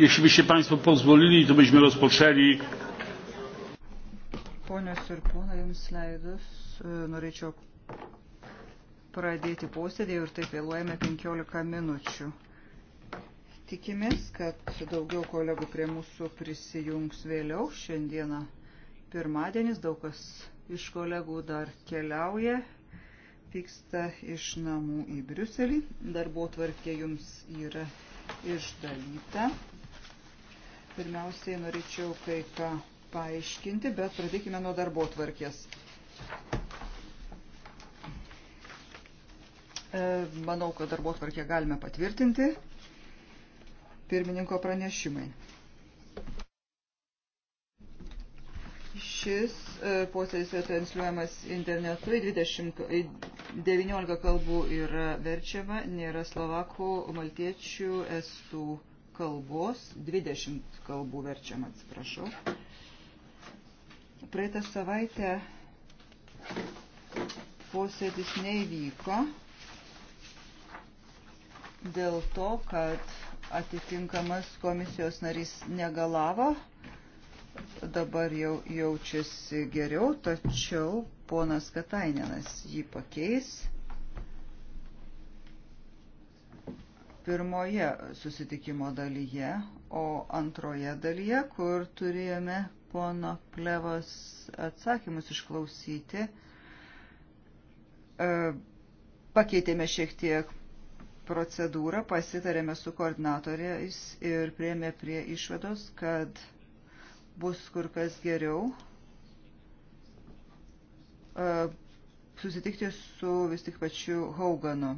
Jeśli byście Państwo pozwolili, to byśmy rozpoczęli. Ponios ir ponai, jums leidus, e, norėčiau pradėti posėdį ir taip vėluojame 15 minučių. Tikimės, kad daugiau kolegų prie mūsų prisijungs vėliau. Šiandieną pirmadienis, daug kas iš kolegų dar keliauja, vyksta iš namų į Briuselį. Darbo tvarkė jums yra išdalyta. Pirmiausiai norėčiau kai ką paaiškinti, bet pradėkime nuo darbo tvarkės. E, manau, kad darbo tvarkę galime patvirtinti. Pirmininko pranešimai. Šis e, posėdis yra transliuojamas internetu, 20, 19 kalbų yra verčiama, nėra slovakų, maltiečių, estų kalbos, 20 kalbų verčiam, atsiprašau. Praeitą savaitę posėdis neįvyko dėl to, kad atitinkamas komisijos narys negalavo. Dabar jau jaučiasi geriau, tačiau ponas Katainenas jį pakeis. pirmoje susitikimo dalyje, o antroje dalyje, kur turėjome pono plevos atsakymus išklausyti, e, pakeitėme šiek tiek procedūrą, pasitarėme su koordinatoriais ir prieėmė prie išvados, kad bus kur kas geriau e, susitikti su vis tik pačiu Hauganu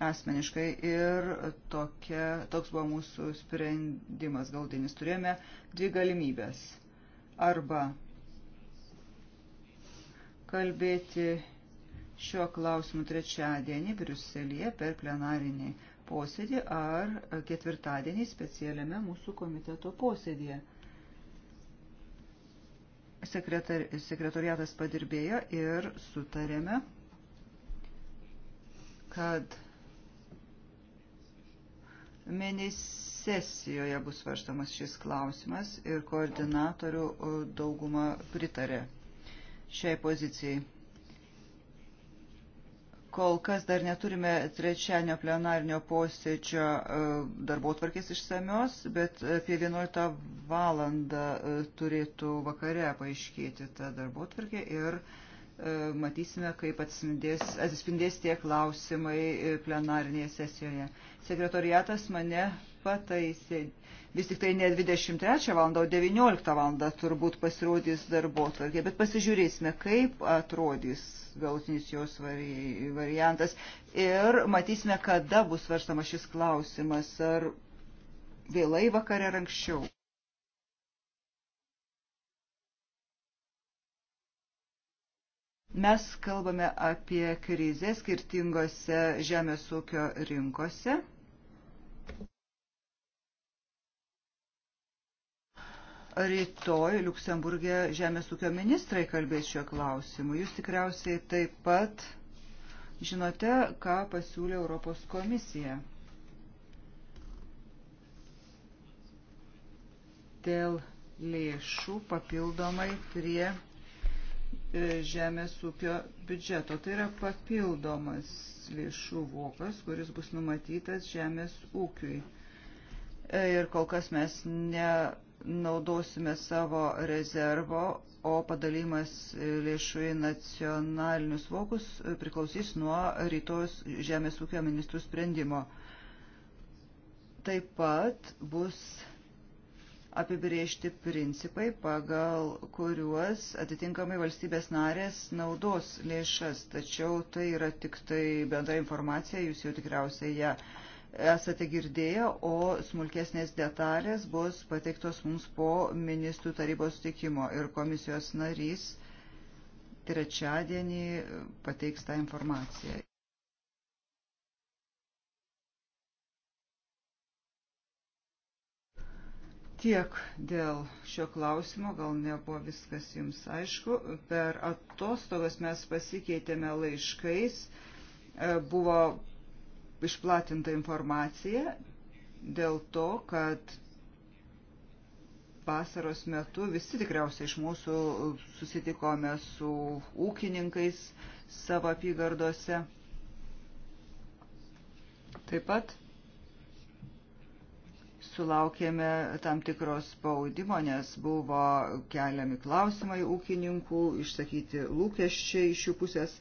asmeniškai ir tokia, toks buvo mūsų sprendimas galdinis. Turėjome dvi galimybės. Arba kalbėti šiuo klausimu trečiadienį Briuselėje per plenarinį posėdį ar ketvirtadienį specialiame mūsų komiteto posėdėje. Sekretar, sekretoriatas padirbėjo ir sutarėme, kad mėnesį sesijoje bus svarstamas šis klausimas ir koordinatorių dauguma pritarė šiai pozicijai. Kol kas dar neturime trečianio plenarnio posėdžio darbo tvarkės išsamios, bet apie 11 valandą turėtų vakare paaiškėti ta darbo tvarkė ir uh, E, matysime, kaip atsispindės tie klausimai e, plenarinėje sesijoje. Sekretoriatas mane pataisė. Vis tik tai ne 23 val. o 19 val. turbūt pasirodys darbo tvarkė, bet pasižiūrėsime, kaip atrodys galutinis jos variantas ir matysime, kada bus svarstamas šis klausimas, ar vėlai vakare ar anksčiau. Mes kalbame apie krizę skirtingose žemės ūkio rinkose. Rytoj Luksemburgė žemės ūkio ministrai kalbės šiuo klausimu. Jūs tikriausiai taip pat žinote, ką pasiūlė Europos komisija. Dėl lėšų papildomai prie E, žemės ūkio biudžeto. Tai yra papildomas lėšų vokas, kuris bus numatytas žemės ūkiui. E, ir kol kas mes nenaudosime savo rezervo, o padalymas lėšų į nacionalinius vokus priklausys nuo rytos žemės ūkio ministrų sprendimo. Taip pat bus apibriežti principai, pagal kuriuos atitinkamai valstybės narės naudos lėšas. Tačiau tai yra tik tai bendra informacija, jūs jau tikriausiai ją esate girdėję, o smulkesnės detalės bus pateiktos mums po ministrų tarybos tikimo ir komisijos narys trečiadienį pateiks tą informaciją. Tiek dėl šio klausimo, gal nebuvo viskas jums aišku. Per atostogas mes pasikeitėme laiškais, e, buvo išplatinta informacija dėl to, kad vasaros metu visi tikriausiai iš mūsų susitikome su ūkininkais savo apygardose. Taip pat sulaukėme tam tikros spaudimo, nes buvo keliami klausimai ūkininkų, išsakyti lūkesčiai iš jų pusės.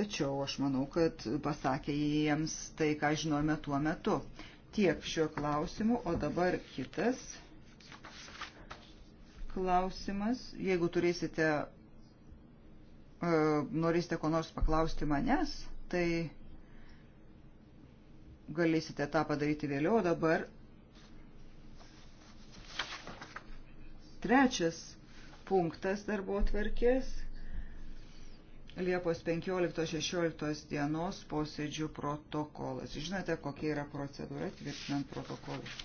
Tačiau aš manau, kad pasakė jiems tai, ką žinome tuo metu. Tiek šiuo klausimu, o dabar kitas klausimas. Jeigu turėsite, e, norėsite ko nors paklausti manęs, tai galėsite tą padaryti vėliau, o dabar trečias punktas darbo tvarkės. Liepos 15-16 dienos posėdžių protokolas. Žinote, kokia yra procedūra tvirtinant protokolus.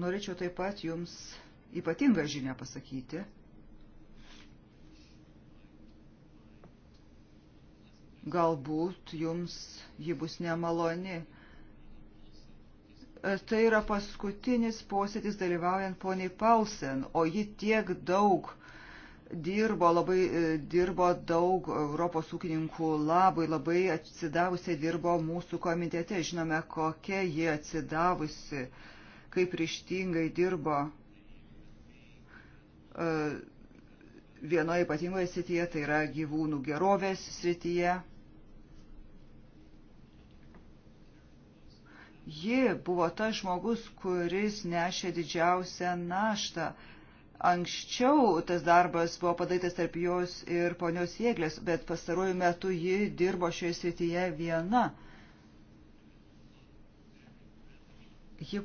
Norėčiau taip pat jums ypatingą žinę pasakyti. galbūt jums ji bus nemaloni. E, tai yra paskutinis posėdis dalyvaujant poniai Paulsen, o ji tiek daug dirbo, labai e, dirbo daug Europos ūkininkų labai, labai atsidavusiai dirbo mūsų komitete. Žinome, kokia ji atsidavusi, kaip ryštingai dirbo e, vienoje ypatingoje srityje, tai yra gyvūnų gerovės srityje. Ji buvo ta žmogus, kuris nešė didžiausią naštą. Anksčiau tas darbas buvo padarytas tarp jos ir ponios jėglės, bet pastaruoju metu ji dirbo šioje srityje viena. Ji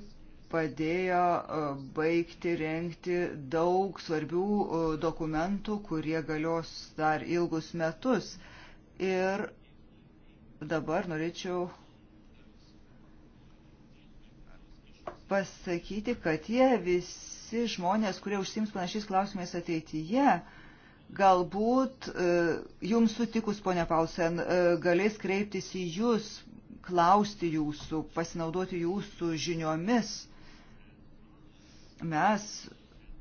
padėjo e, baigti renkti daug svarbių e, dokumentų, kurie galios dar ilgus metus. Ir dabar norėčiau pasakyti, kad tie visi žmonės, kurie užsims panašiais klausimais ateityje, galbūt e, jums sutikus, ponia Pausen, e, galės kreiptis į jūs, klausti jūsų, pasinaudoti jūsų žiniomis. Mes,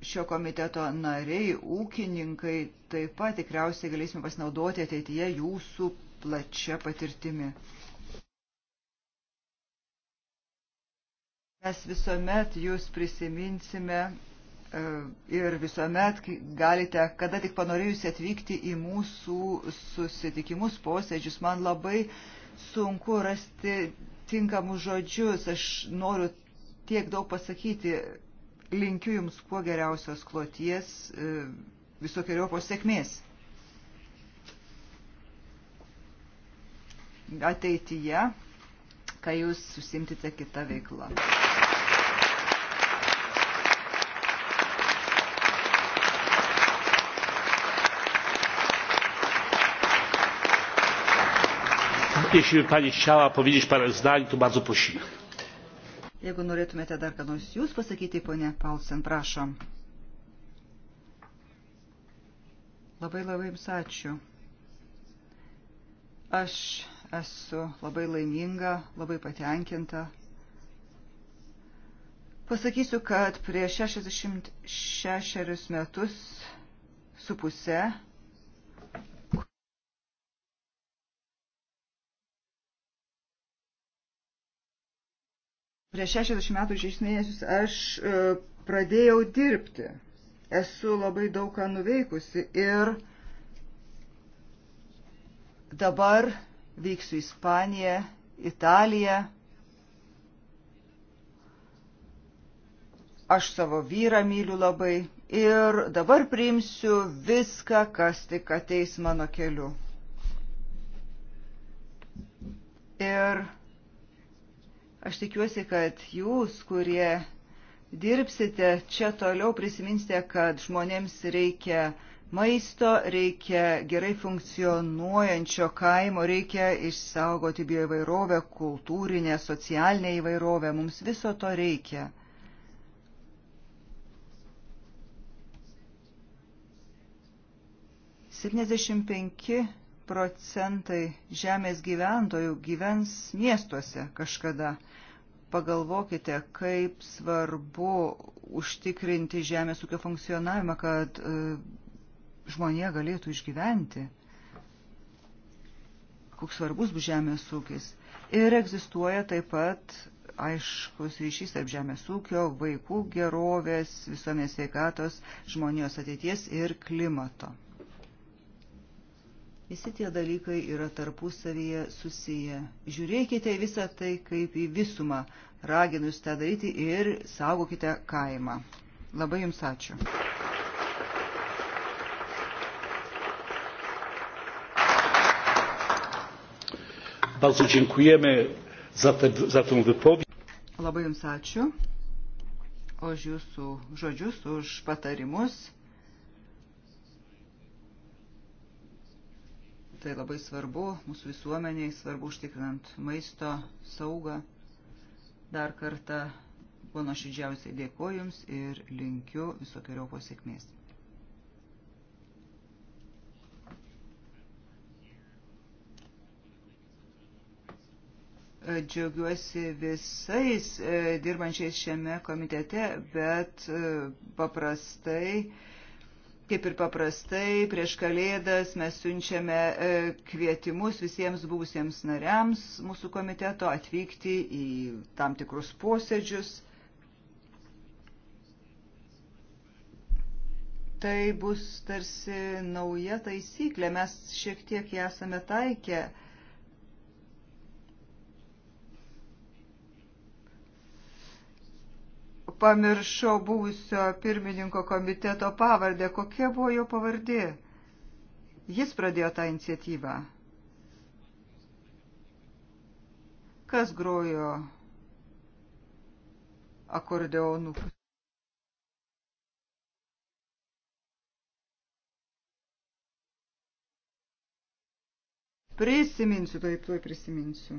šio komiteto nariai, ūkininkai, taip pat tikriausiai galėsime pasinaudoti ateityje jūsų plačia patirtimi. Mes visuomet jūs prisiminsime e, ir visuomet galite, kada tik panorėjusi atvykti į mūsų susitikimus, posėdžius. Man labai sunku rasti tinkamus žodžius. Aš noriu tiek daug pasakyti. Linkiu Jums kuo geriausios kloties, e, visokiojopos sėkmės. Ateityje, kai Jūs susimtite kitą veiklą. jeśli by pani chciała powiedzieć parę zdań to bardzo prosimy. Jeigu norėtumėte dar ką nors jūs pasakyti, ponė Paulsen, prašom. Labai labai jums ačiū. Aš esu labai laiminga, labai patenkinta. Pasakysiu, kad prieš 66 metus su puse Prieš 60 metų ir 6 mėnesius aš e, pradėjau dirbti. Esu labai daug ką nuveikusi ir dabar vyksiu į Ispaniją, Italiją. Aš savo vyrą myliu labai ir dabar priimsiu viską, kas tik ateis mano keliu. Ir Aš tikiuosi, kad jūs, kurie dirbsite čia toliau, prisiminsite, kad žmonėms reikia maisto, reikia gerai funkcionuojančio kaimo, reikia išsaugoti bioįvairovę, kultūrinę, socialinę įvairovę. Mums viso to reikia. Septyniasdešimt penki procentai žemės gyventojų gyvens miestuose kažkada. Pagalvokite, kaip svarbu užtikrinti žemės ūkio funkcionavimą, kad e, žmonė galėtų išgyventi. Koks svarbus bus žemės ūkis. Ir egzistuoja taip pat aiškus ryšys tarp žemės ūkio, vaikų gerovės, visuomenės veikatos, žmonijos ateities ir klimato. Visi tie dalykai yra tarpusavyje susiję. Žiūrėkite į visą tai kaip į visumą. Raginu jūs tą daryti ir saugokite kaimą. Labai jums ačiū. Bardzo dziękujemy za, te, za tą wypowiedź. Labai jums ačiū už jūsų žodžius, už patarimus. Tai labai svarbu mūsų visuomeniai, svarbu užtikrinant maisto saugą. Dar kartą kuo nuoširdžiausiai dėkoju Jums ir linkiu visokiojo pasiekmės. džiaugiuosi visais e, dirbančiais šiame komitete, bet e, paprastai Kaip ir paprastai, prieš Kalėdas mes siunčiame e, kvietimus visiems buvusiems nariams mūsų komiteto atvykti į tam tikrus posėdžius. Tai bus tarsi nauja taisyklė, mes šiek tiek ją esame taikę pamiršau buvusio pirmininko komiteto pavardę. Kokia buvo jo pavardė? Jis pradėjo tą iniciatyvą. Kas grojo akordeonų? Prisiminsiu, taip tuoj prisiminsiu.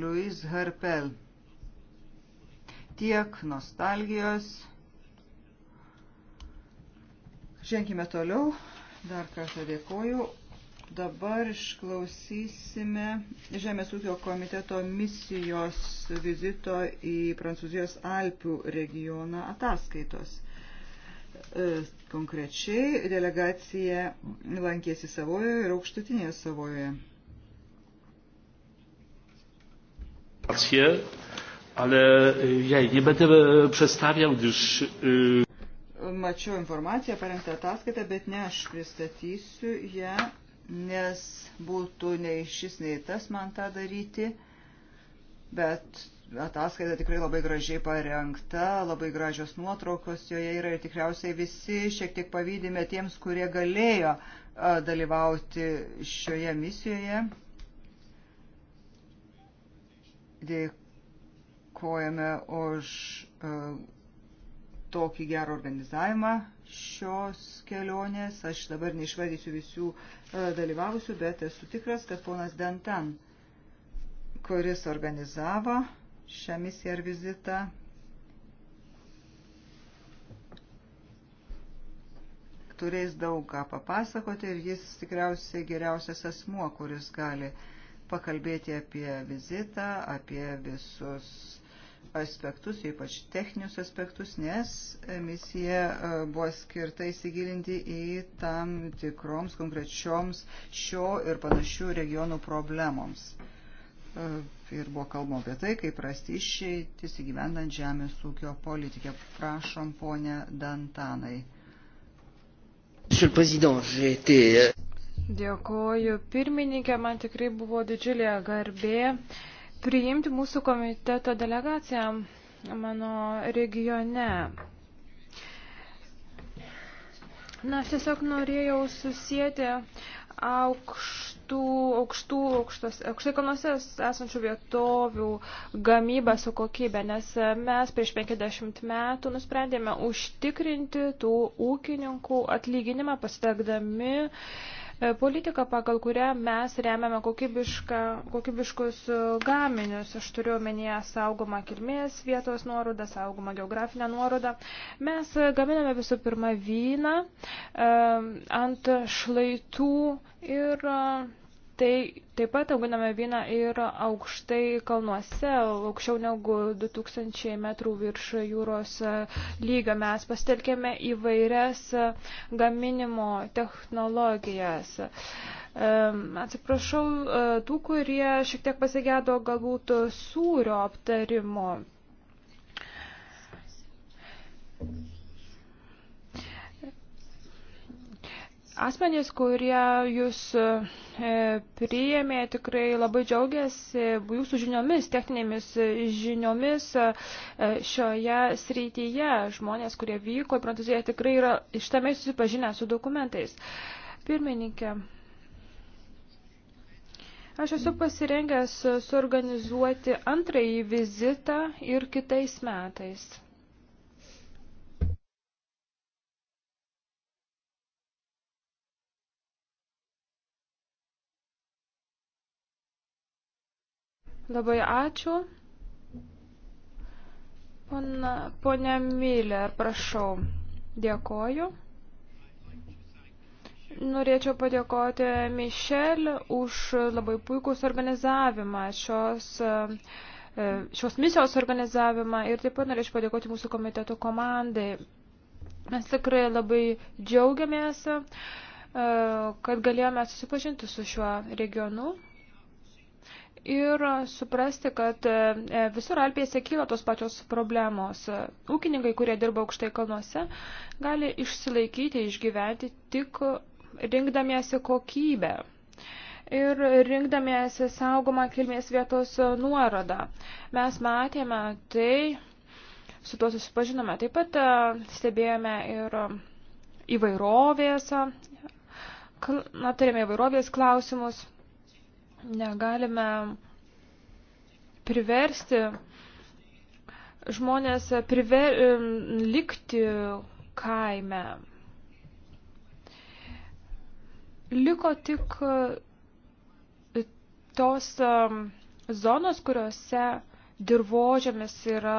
Louis Harpel. Tiek nostalgijos. Ženkime toliau. Dar kartą dėkoju. Dabar išklausysime Žemės ūkio komiteto misijos vizito į Prancūzijos Alpių regioną ataskaitos. E, konkrečiai delegacija lankėsi Savojoje ir aukštutinėje Savojoje. Ačiū, ale jai nebetebe predstaviau, gdyż. Mačiau informaciją, parengtą ataskaitą, bet ne aš pristatysiu ją, nes būtų nei šis, nei tas man tą daryti. Bet ataskaita tikrai labai gražiai parengta, labai gražios nuotraukos joje yra ir tikriausiai visi šiek tiek pavydime tiems, kurie galėjo dalyvauti šioje misijoje. Dėkojame už e, tokį gerą organizavimą šios kelionės. Aš dabar neišvardysiu visų e, dalyvavusių, bet esu tikras, kad ponas Dantan, kuris organizavo šią misiją ar vizitą, turės daug ką papasakoti ir jis tikriausiai geriausias asmuo, kuris gali uh, pakalbėti apie vizitą, apie visus aspektus, ypač techninius aspektus, nes misija e, buvo skirta įsigilinti į tam tikroms konkrečioms šio ir panašių regionų problemoms. E, ir buvo kalbama apie tai, kaip rasti išeitis įgyvendant žemės ūkio politikę. Prašom, ponė Dantanai. Monsieur le Président, j'ai été Dėkoju. Pirmininkė, man tikrai buvo didžiulė garbė priimti mūsų komiteto delegaciją mano regione. Na, aš tiesiog norėjau susijęti aukštų, aukštų, aukštos, aukštai kalnuose esančių vietovių gamybą su kokybė, nes mes prieš 50 metų nusprendėme užtikrinti tų ūkininkų atlyginimą pasitekdami uh, E, politika, pagal kurią mes remiame kokybiškus e, gaminius, aš turiu omenyje saugomą kilmės vietos nuorodą, saugomą geografinę nuorodą. Mes e, gaminame visų pirma vyną ant šlaitų ir Tai taip pat auginame vyną ir aukštai kalnuose, aukščiau negu 2000 metrų virš jūros lygio. Mes pasitelkėme įvairias gaminimo technologijas. Atsiprašau e, tų, kurie šiek tiek pasigėdo galbūt sūrio aptarimo. Asmenys, kurie jūs e, priėmė, tikrai labai džiaugiasi jūsų žiniomis, techninėmis žiniomis e, šioje srityje. Žmonės, kurie vyko į Prancūziją, tikrai yra ištamei susipažinę su dokumentais. Pirmininkė, aš esu pasirengęs suorganizuoti antrąjį vizitą ir kitais metais. Labai ačiū. Pone Miller, prašau. Dėkoju. Norėčiau padėkoti Mišel už labai puikus organizavimą šios, e, šios misijos organizavimą ir taip pat norėčiau padėkoti mūsų komiteto komandai. Mes tikrai labai džiaugiamės, e, kad galėjome susipažinti su šiuo regionu ir suprasti, kad e, e, visur Alpėse kyla tos pačios problemos. Ūkininkai, kurie dirba aukštai kalnuose, gali išsilaikyti, išgyventi tik rinkdamiesi kokybę ir rinkdamiesi saugomą kilmės vietos nuorodą. Mes matėme tai, su tuo susipažinome. Taip pat e, stebėjome ir įvairovės, aptarėme įvairovės klausimus. Negalime priversti žmonės priver, likti kaime. Liko tik e, tos zonos, kuriuose dirbožėmis yra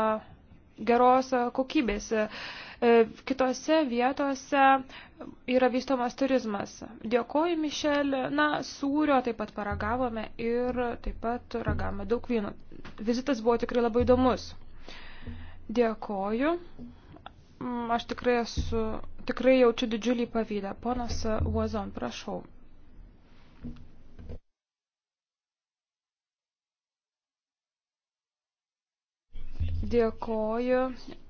geros kokybės. E, kitose vietose yra vystomas turizmas. Dėkoju, Mišel. Na, sūrio taip pat paragavome ir taip pat ragavome daug vyno. Vizitas buvo tikrai labai įdomus. Dėkoju. Mm, aš tikrai esu, tikrai jaučiu didžiulį pavydą. Ponas Uazon, prašau. Dėkoju.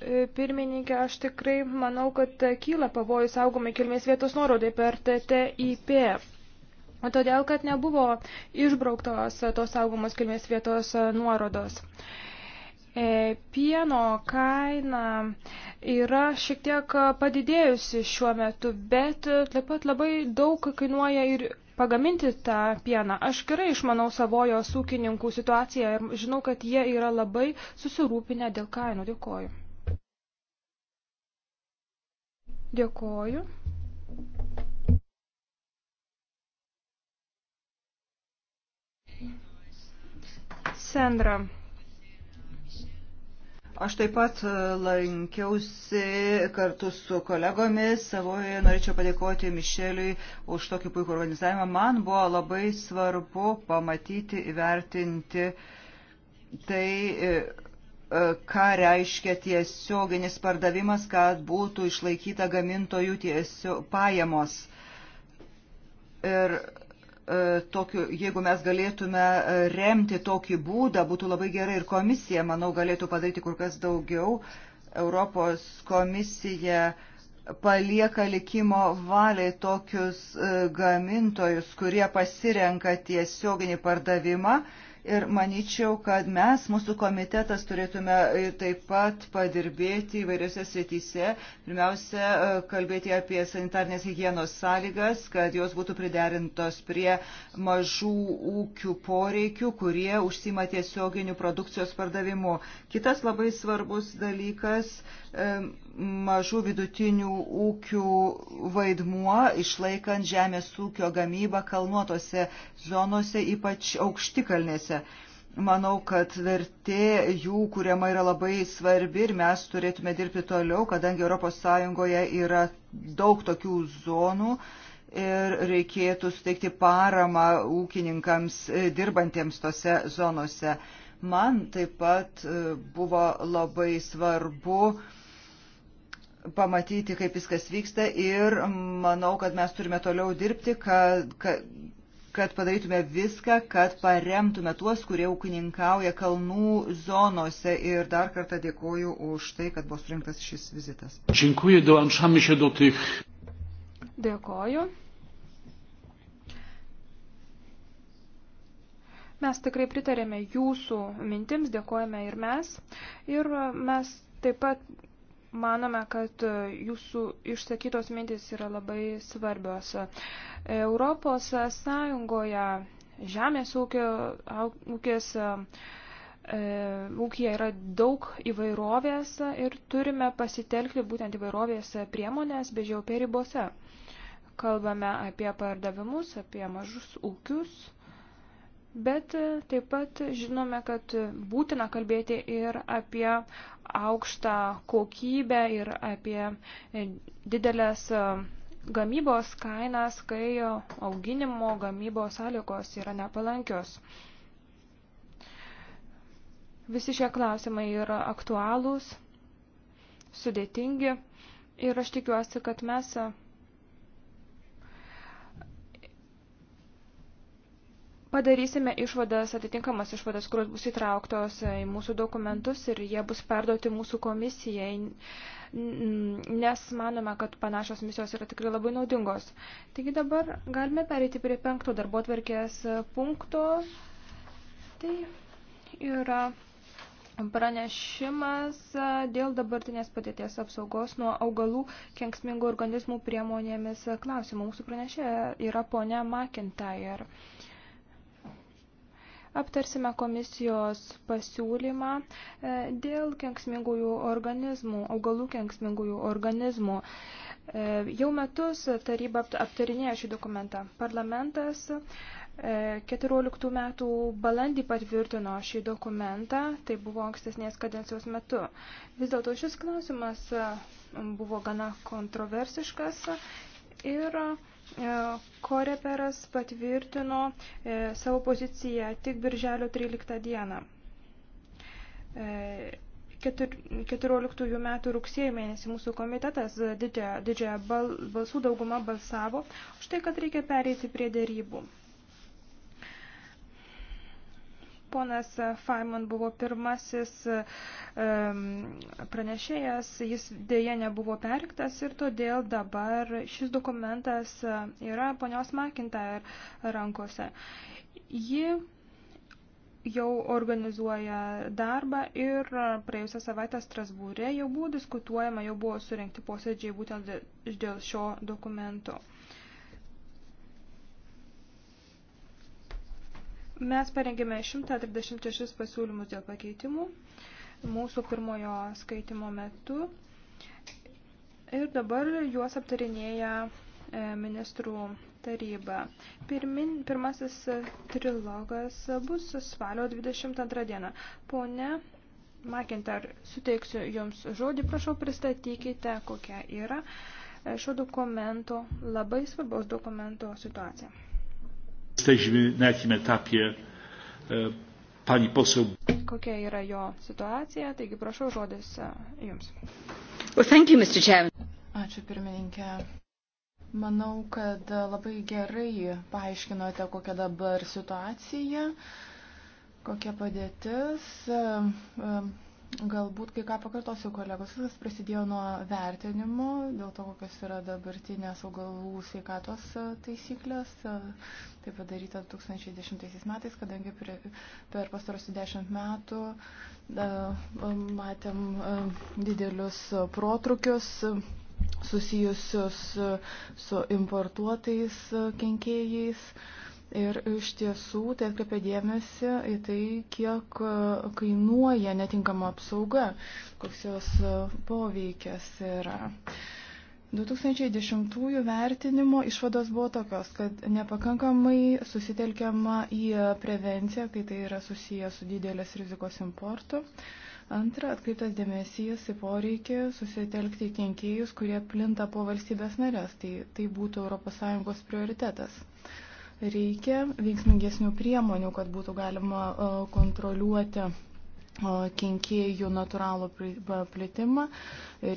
E, pirmininkė, aš tikrai manau, kad e, kyla pavojus saugomai kilmės vietos nuorodai per TTIP. O todėl, kad nebuvo išbrauktos e, tos saugomos kilmės vietos nuorodos. Pieno kaina yra šiek tiek padidėjusi šiuo metu, bet taip pat labai daug kainuoja ir pagaminti tą pieną. Aš gerai išmanau savojos ūkininkų situaciją ir žinau, kad jie yra labai susirūpinę dėl kainų. Dėkoju. Dėkoju. Sendra. Aš taip pat e, lankiausi kartu su kolegomis savoje, norėčiau padėkoti Mišeliui už tokį puikų organizavimą. Man buvo labai svarbu pamatyti, įvertinti tai, e, e, ką reiškia tiesioginis pardavimas, kad būtų išlaikyta gamintojų tiesio pajamos. Ir E, tokiu, jeigu mes galėtume e, remti tokį būdą, būtų labai gerai ir komisija, manau, galėtų padaryti kur kas daugiau. Europos komisija palieka likimo valiai tokius e, gamintojus, kurie pasirenka tiesioginį pardavimą Ir manyčiau, kad mes, mūsų komitetas, turėtume e, taip pat padirbėti įvairiose srityse. Pirmiausia, e, kalbėti apie sanitarnės hygienos sąlygas, kad jos būtų priderintos prie mažų ūkių poreikių, kurie užsima tiesioginių produkcijos pardavimu. Kitas labai svarbus dalykas. E, mažų vidutinių ūkių vaidmuo išlaikant žemės ūkio gamybą kalnuotose zonose, ypač aukštikalnėse. Manau, kad vertė jų kuriama yra labai svarbi ir mes turėtume dirbti toliau, kadangi ES yra daug tokių zonų ir reikėtų suteikti paramą ūkininkams e, dirbantiems tose zonose. Man taip pat e, buvo labai svarbu uh, pamatyti, kaip viskas vyksta ir manau, kad mes turime toliau dirbti, kad, kad, kad padarytume viską, kad paremtume tuos, kurie ūkininkauja kalnų zonose. Ir dar kartą dėkoju už tai, kad buvo surinktas šis vizitas. Dėkoju. Mes tikrai pritarėme jūsų mintims, dėkojame ir mes. Ir mes taip pat Manome, kad e, jūsų išsakytos mintis yra labai svarbios. Europos Sąjungoje žemės ūkio, ūkės, ūkija e, e, yra daug įvairovės ir turime pasitelkti būtent įvairovės priemonės bežiaupė ribose. Kalbame apie pardavimus, apie mažus ūkius Bet e, taip pat žinome, kad būtina kalbėti ir apie aukštą kokybę ir apie e, didelės e, gamybos kainas, kai auginimo gamybos sąlygos yra nepalankios. Visi šie klausimai yra aktualūs, sudėtingi ir aš tikiuosi, kad mes padarysime išvadas, atitinkamas išvadas, kurios bus įtrauktos e, į mūsų dokumentus ir jie bus perduoti mūsų komisijai, nes manome, kad panašios misijos yra tikrai labai naudingos. Taigi dabar galime pereiti prie penkto darbo tvarkės e, punkto. Tai yra pranešimas e, dėl dabartinės padėties apsaugos nuo augalų kenksmingų organizmų priemonėmis klausimų. Mūsų pranešė yra ponia McIntyre aptarsime komisijos pasiūlymą e, dėl kenksmingųjų organizmų, augalų kenksmingųjų organizmų. E, jau metus taryba aptarinėja šį dokumentą. Parlamentas 14 e, metų balandį patvirtino šį dokumentą, tai buvo ankstesnės kadencijos metu. Vis dėlto šis klausimas buvo gana kontroversiškas ir E, Koreperas patvirtino e, savo poziciją tik birželio 13 dieną. 14 e, metų rugsėjo mėnesį mūsų komitetas didžiąją bal, balsų daugumą balsavo už tai, kad reikia pereiti prie dėrybų. Ponas Faimon buvo pirmasis pranešėjas, jis dėje nebuvo periktas ir todėl dabar šis dokumentas yra ponios Makintair rankose. Ji jau organizuoja darbą ir praėjusią savaitę Strasbūrė jau buvo diskutuojama, jau buvo surinkti posėdžiai būtent dėl šio dokumento. Mes parengėme 136 pasiūlymus dėl pakeitimų mūsų pirmojo skaitimo metu ir dabar juos aptarinėja e, ministrų taryba. Pirmin, pirmasis trilogas bus spalio 22 dieną. Pone Makintar, suteiksiu Jums žodį, prašau pristatykite, kokia yra e, šio dokumento, labai svarbaus dokumento situacija. Jesteśmy na jakim etapie e, pani poseł. Kokia yra jo situacija, taigi prašau žodis e, jums. Well, thank you, Mr. Chairman. Ačiū pirmininkė. Manau, kad labai gerai paaiškinote, kokia dabar situacija, kokia padėtis. Um, um, Galbūt kai ką pakartosiu kolegos, viskas prasidėjo nuo vertinimo, dėl to, kokios yra dabartinės augalų sveikatos e, taisyklės. E, tai padaryta 2010 metais, kadangi prie, per pastarosius 10 metų e, matėm didelius protrukius susijusius su importuotais kenkėjais. A, Ir iš tiesų tai atkreipia dėmesį į tai, kiek e, kainuoja netinkama apsauga, koks jos e, poveikis yra. 2010 vertinimo išvados buvo tokios, kad nepakankamai susitelkiama į prevenciją, kai tai yra susijęs su didelės rizikos importu. Antra, atkreiptas dėmesys į poreikį susitelkti į kenkėjus, kurie plinta po valstybės narės. Tai, tai būtų ES prioritetas. Reikia veiksmingesnių priemonių, kad būtų galima e, kontroliuoti e, kenkėjų natūralų plitimą,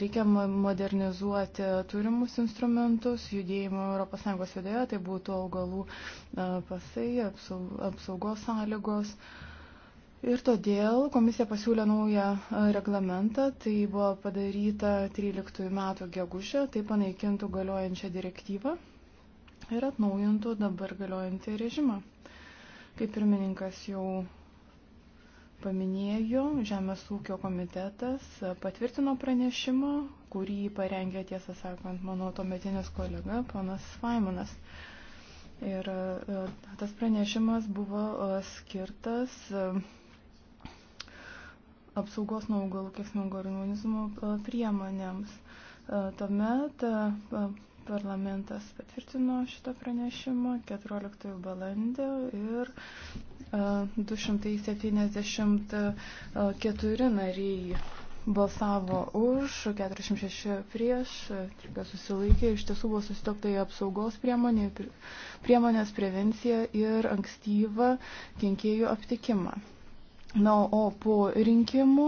reikia modernizuoti turimus instrumentus, judėjimo ES viduje, tai būtų augalų e, pasai, apsaugos sąlygos. Ir todėl komisija pasiūlė naują reglamentą, tai buvo padaryta 13 metų gegužė, tai panaikintų galiojančią direktyvą ir atnaujintų dabar galiojantį režimą. Kaip pirmininkas jau paminėjo, Žemės ūkio komitetas patvirtino pranešimą, kurį parengė, tiesą sakant, mano tuometinis kolega, panas Faimonas. Ir e, tas pranešimas buvo e, skirtas e, apsaugos nuo augalų kėksmingų organizmų priemonėms. Tuomet Parlamentas patvirtino šitą pranešimą 14 balandį ir 274 e, e, nariai balsavo už, 46 prieš, e, kas susilaikė, iš tiesų buvo susitokta į apsaugos priemonė, priemonės prevenciją ir ankstyvą kenkėjų aptikimą. Na, o po rinkimų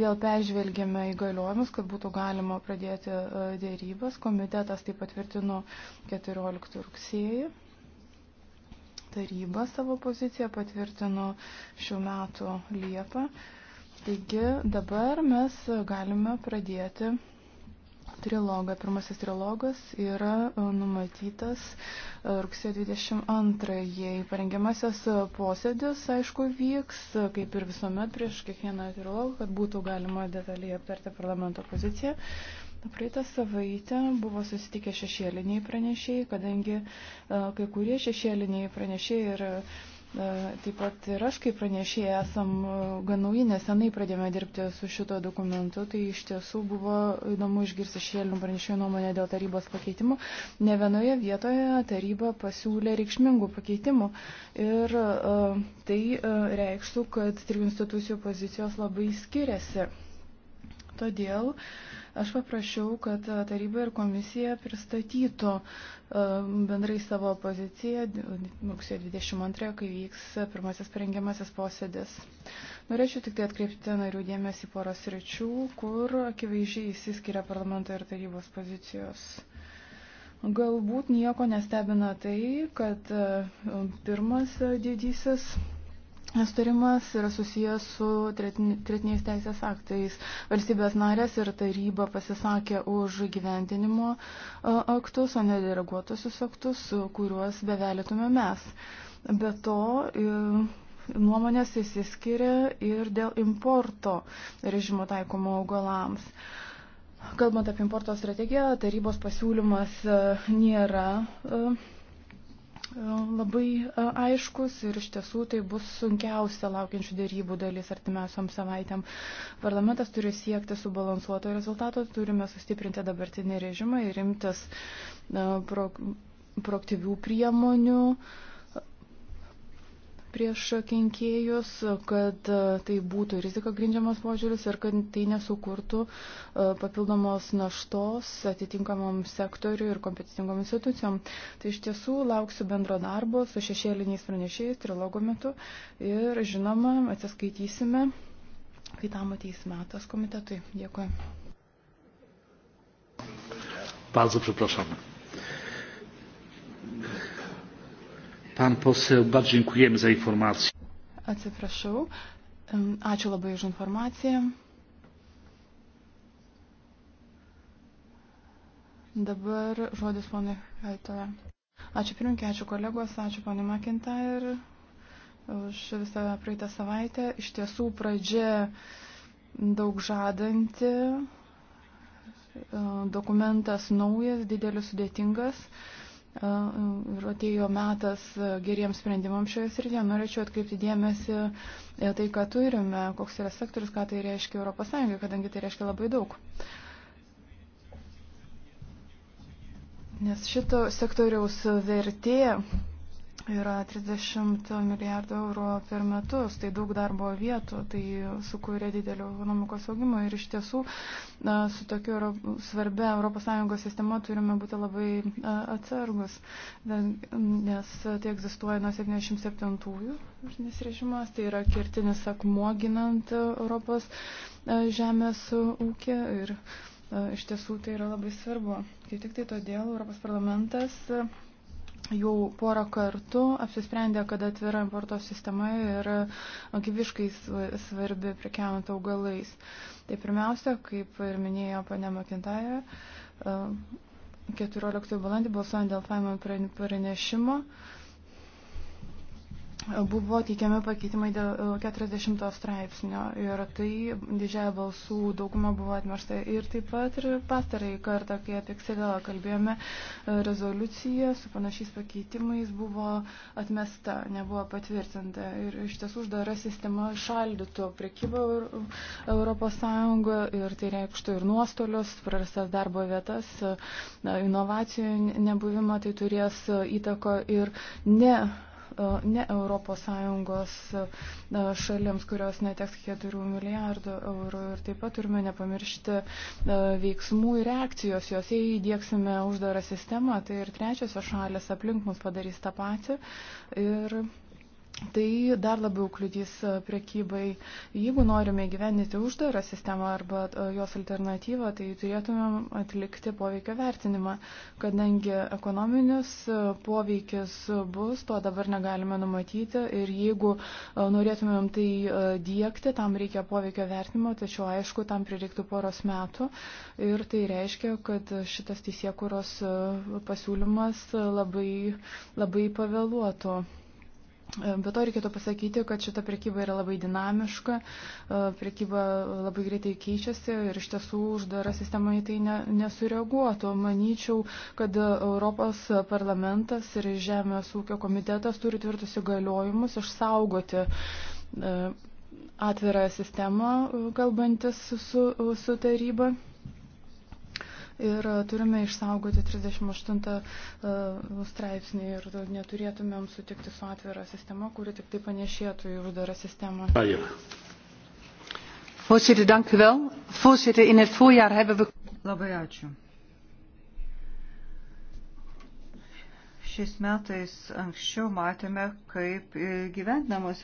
vėl peržvelgėme įgaliojimus, kad būtų galima pradėti e, dėrybas. Komitetas tai patvirtino 14 rugsėjį. Taryba savo poziciją patvirtino šių metų Liepą. Taigi dabar mes galime pradėti trilogą. Pirmasis trilogas yra e, numatytas e, rugsėjo 22-ąjį. Parengiamasis posėdis, aišku, vyks, e, kaip ir visuomet, prieš kiekvieną trilogą, kad būtų galima detaliai aptarti parlamento poziciją. Praeitą savaitę buvo susitikę šešėliniai pranešėjai, kadangi kai kurie šešėliniai pranešėjai yra. Ir E, taip pat ir aš kaip pranešėjai esam e, gan nauji, nesenai pradėjome dirbti su šito dokumentu, tai iš tiesų buvo įdomu išgirsti šėlinų pranešėjų nuomonę dėl tarybos pakeitimų. Ne vienoje vietoje taryba pasiūlė reikšmingų pakeitimų ir e, tai reikštų, kad trijų institucijų pozicijos labai skiriasi. Todėl uh, Aš paprašiau, kad e, taryba ir komisija pristatytų e, bendrai savo poziciją rugsėjo 22, kai vyks pirmasis parengiamasis posėdis. Norėčiau tik tai atkreipti narių dėmesį poros ryčių, kur akivaizdžiai įsiskiria parlamento ir tarybos pozicijos. Galbūt nieko nestebina tai, kad e, pirmas didysis Sutarimas yra susijęs su tretiniais teisės aktais. Valstybės narės ir taryba pasisakė už gyventinimo aktus, o nedereguotusius aktus, kuriuos bevelėtume mes. Be to, nuomonės įsiskiria ir dėl importo režimo taikomo augalams. Kalbant apie importo strategiją, tarybos pasiūlymas nėra. Uh, labai e, aiškus ir iš tiesų tai bus sunkiausia laukiančių dėrybų dalis artimiausiam savaitėm. Parlamentas turi siekti subalansuoto rezultato, turime sustiprinti dabartinį režimą ir imtis e, pro, proaktyvių priemonių. Uh, prieš kenkėjus, kad e, tai būtų rizika grindžiamas požiūris ir kad tai nesukurtų e, papildomos naštos atitinkamam sektoriu ir kompetitingom institucijom. Tai iš tiesų lauksiu bendro darbo su šešėliniais pranešėjais trilogo metu ir žinoma atsiskaitysime, kai tam ateis metas komitetui. Dėkui. Bardzo przepraszamy. Pan poseł, bardzo dziękujemy za informację. Atsiprašau. Ačiū labai už informaciją. Dabar žodis ponai Haitoje. Ačiū pirminkė, ačiū kolegos, ačiū ponai Makinta ir už visą praeitą savaitę. Iš tiesų pradžia daug žadanti, e, dokumentas naujas, didelis sudėtingas ir atėjo metas geriems sprendimams šioje srityje. Norėčiau atkreipti dėmesį tai, ką turime, koks yra sektorius, ką tai reiškia Europos Sąjungai, kadangi tai reiškia labai daug. Nes šito sektoriaus vertė yra 30 milijardų eurų per metus, tai daug darbo vietų, tai sukuria didelį ekonomikos augimą ir iš tiesų su tokiu svarbia ES sistema turime būti labai atsargus, nes tai egzistuoja nuo 77-ųjų režimas, tai yra kirtinis akmuo ginant Europos žemės ūkį ir iš tiesų tai yra labai svarbu. Kaip tik tai todėl Europos parlamentas jau porą kartų apsisprendė, kad atvira importo sistema yra gyviškai svarbi prekiaujant augalais. Tai pirmiausia, kaip ir minėjo pane Makintaja, 14 balandį balsuojant dėl FAIMO pranešimo buvo teikiami pakeitimai dėl 40 e, straipsnio ir tai didžiaja balsų dauguma buvo atmesta. Ir taip pat ir pastarai kartą, kai apie Xedelą kalbėjome, e, rezoliucija su panašiais pakeitimais buvo atmesta, nebuvo patvirtinta. Ir iš tiesų uždara sistema šaldytų prekybą Europos Sąjungą ir tai reikštų ir nuostolius, prarastas darbo vietas, e, inovacijų nebuvimą, tai turės įtako ir ne ne ES šalims, kurios neteks 4 milijardų eurų. Ir taip pat turime nepamiršti veiksmų ir reakcijos. Jos jei įdėksime uždarą sistemą, tai ir trečiosios šalis aplink mus padarys tą patį. Ir tai dar labiau kliudys e, prekybai. Jeigu norime gyveninti uždarą sistemą arba e, jos alternatyvą, tai turėtumėm atlikti poveikio vertinimą, kadangi ekonominis e, poveikis bus, to dabar negalime numatyti ir jeigu norėtumėm tai dėkti, tam reikia poveikio vertinimo, tačiau aišku, tam prireiktų poros metų ir tai reiškia, kad šitas teisėkuros pasiūlymas labai, labai pavėluotų. Be to reikėtų pasakyti, kad šita prekyba yra labai dinamiška, e, prekyba labai greitai keičiasi ir iš tiesų uždara sistema į tai ne, nesureaguotų. Manyčiau, kad Europos parlamentas ir Žemės ūkio komitetas turi tvirtus įgaliojimus išsaugoti e, atvirą sistemą, e, kalbantis su, su taryba ir e, turime išsaugoti 38 e, straipsnį ir neturėtumėm sutikti su atvira sistema, kuri tik tai panešėtų į uždarą sistemą. Ah, Voorzitter, dank u wel. Voorzitter, in het voorjaar hebben we. Labai ačiū. Šiais metais anksčiau matėme, kaip gyvendamos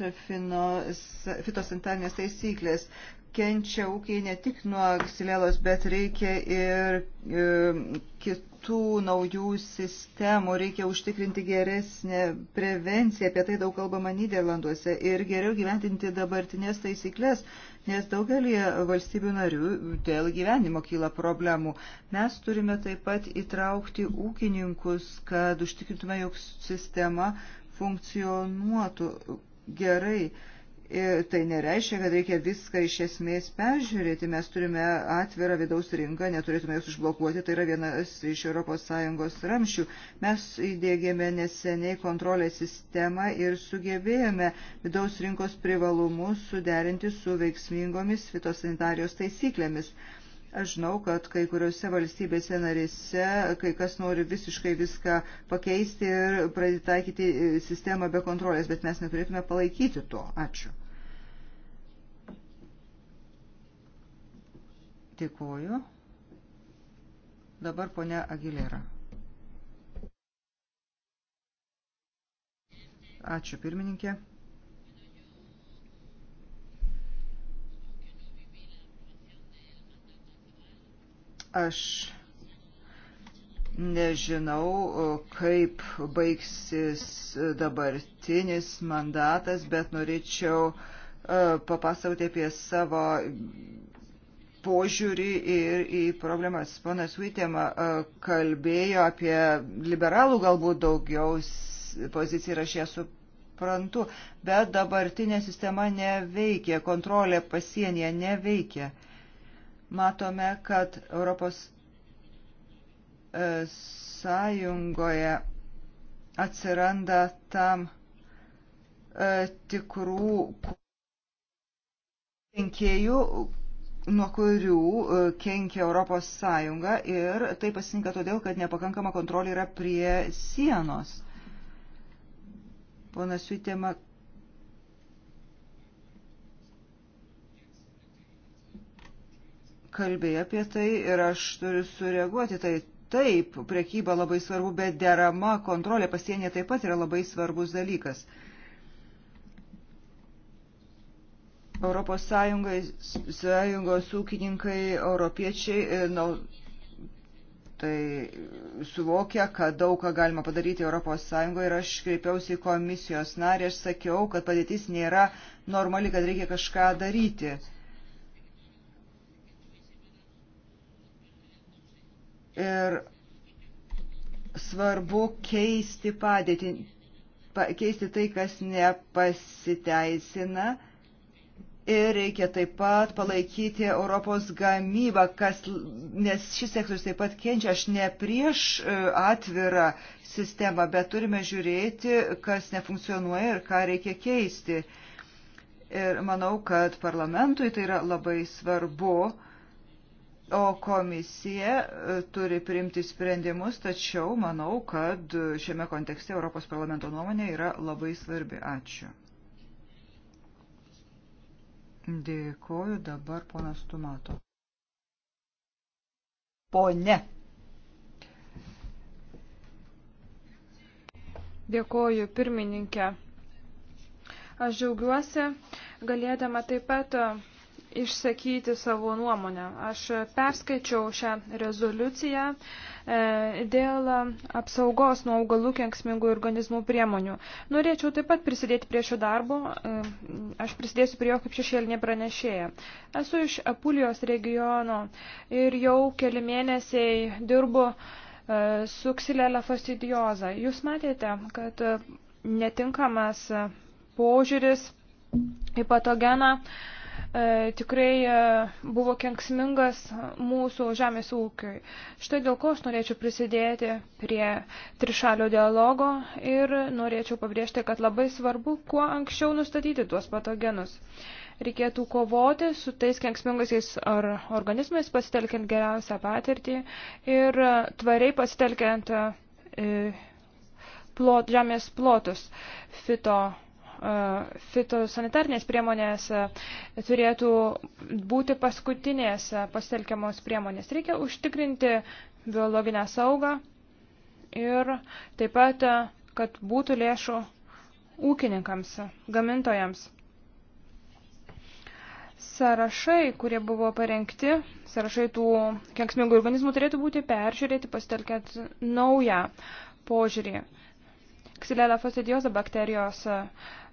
fitosanitarinės taisyklės kenčia ūkiai ne tik nuo ksilėlos, bet reikia ir e, kitų naujų sistemų, reikia užtikrinti geresnę prevenciją, apie tai daug kalbama Niderlanduose ir geriau gyventinti dabartinės taisyklės, nes daugelį valstybių narių dėl gyvenimo kyla problemų. Mes turime taip pat įtraukti ūkininkus, kad užtikrintume, jog sistema funkcionuotų gerai Ir e, tai nereiškia, kad reikia viską iš esmės peržiūrėti. Mes turime atvirą vidaus rinką, neturėtume jos užblokuoti. Tai yra vienas iš ES ramščių. Mes įdėgėme neseniai kontrolės sistemą ir sugebėjome vidaus rinkos privalumus suderinti su veiksmingomis fitosanitarijos taisyklėmis. Aš žinau, kad kai kuriuose valstybėse narėse, kai kas nori visiškai viską pakeisti ir pradėti taikyti sistemą be kontrolės, bet mes neturėtume palaikyti to. Ačiū. Dėkuoju. Dabar ponia Agilera. Ačiū pirmininkė. Aš nežinau, kaip baigsis dabartinis mandatas, bet norėčiau e, papasakoti apie savo požiūrį ir į problemas. Ponas Vitema e, kalbėjo apie liberalų galbūt daugiau poziciją ir aš ją suprantu, bet dabartinė sistema neveikia, kontrolė pasienyje neveikia. Matome, kad Europos e, sąjungoje atsiranda tam e, tikrų kenkėjų, nuo kurių e, kenkia Europos Sąjunga ir tai pasinka todėl, kad nepakankama kontrolė yra prie sienos. Ponas Vitėma. Kalbėjo apie tai ir aš turiu sureaguoti. Tai taip, prekyba labai svarbu, bet derama kontrolė pasienyje taip pat yra labai svarbus dalykas. Uh, Europos Sąjungai, Sąjungos ūkininkai, europiečiai, e, na, tai suvokia, kad daug ką galima padaryti Europos Sąjungoje ir aš kreipiausi į komisijos narį, aš sakiau, kad padėtis nėra normali, kad reikia kažką daryti. Ir svarbu keisti padėtį, keisti tai, kas nepasiteisina Ir reikia taip pat palaikyti Europos gamybą, kas, nes šis sektorius taip pat kenčia. Aš ne prieš e, atvirą sistemą, bet turime žiūrėti, kas nefunkcionuoja ir ką reikia keisti. Ir manau, kad parlamentui tai yra labai svarbu, o komisija e, turi priimti sprendimus, tačiau manau, kad e, šiame kontekste Europos parlamento nuomonė yra labai svarbi. Ačiū. Dėkoju dabar ponas Tumato. Pone. Dėkoju pirmininkė. Aš džiaugiuosi galėdama taip pat išsakyti savo nuomonę. Aš perskaičiau šią rezoliuciją e, dėl apsaugos nuo augalų kenksmingų organizmų priemonių. Norėčiau taip pat prisidėti prie šio darbo. E, aš prisidėsiu prie jo kaip šešėlinė pranešėja. Esu iš Apulijos regiono ir jau keli mėnesiai dirbu e, su ksilelė fastidioza. Jūs matėte, kad netinkamas požiūris į patogeną uh, E, tikrai e, buvo kenksmingas mūsų žemės ūkiui. Štai dėl ko aš norėčiau prisidėti prie trišalio dialogo ir norėčiau pabrėžti, kad labai svarbu kuo anksčiau nustatyti tuos patogenus. Reikėtų kovoti su tais kenksmingaisiais ar organizmais, pasitelkiant geriausią patirtį ir tvariai pasitelkiant e, plot, žemės plotus fito fitosanitarnės priemonės turėtų būti paskutinės pasitelkiamos priemonės. Reikia užtikrinti biologinę saugą ir taip pat, kad būtų lėšų ūkininkams, gamintojams. Sarašai, kurie buvo parengti, sarašai tų kenksmingų organizmų turėtų būti peržiūrėti pasitelkiant naują požiūrį. Ksilelė fastidioza bakterijos uh,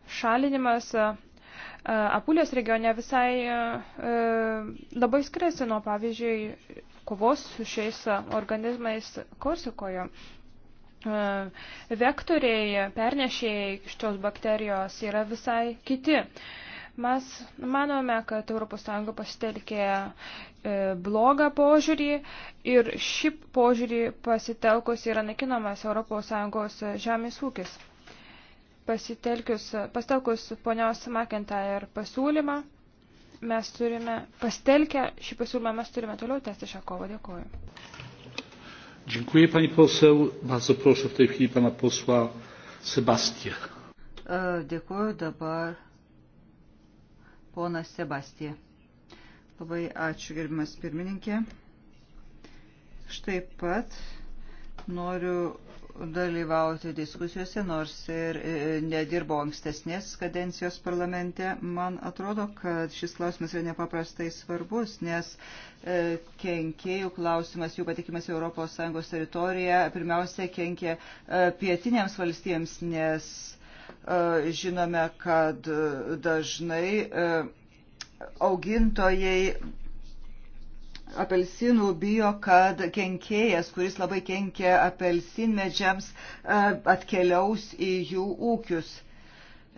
šalinimas e, e, Apulijos regione visai e, labai skiriasi nuo, pavyzdžiui, kovos su šiais organizmais Korsikoje. Vektoriai, pernešėjai šios bakterijos yra visai kiti. Mes manome, kad ES pasitelkė blogą požiūrį ir šį požiūrį pasitelkus yra nakinamas ES žemės ūkis pasitelkus ponios Makentą ir pasiūlymą, mes turime, pastelkę šį pasiūlymą, mes turime toliau tęsti šią kovą. Dėkuoju. Dziękuję pani poseł. Bardzo proszę w tej chwili pana posła Sebastię. E, Dėkuoju dabar ponas Sebastija. Labai ačiū, gerbimas pirmininkė. Štai pat noriu dalyvauti diskusijose, nors ir e, nedirbo ankstesnės kadencijos parlamente. Man atrodo, kad šis klausimas yra nepaprastai svarbus, nes e, kenkėjų klausimas, jų patikimas ES teritorija, pirmiausia, kenkia e, pietinėms valstijams, nes žinome, kad dažnai augintojai apelsinų bijo, kad kenkėjas, kuris labai kenkia apelsinmedžiams, e, atkeliaus į jų ūkius.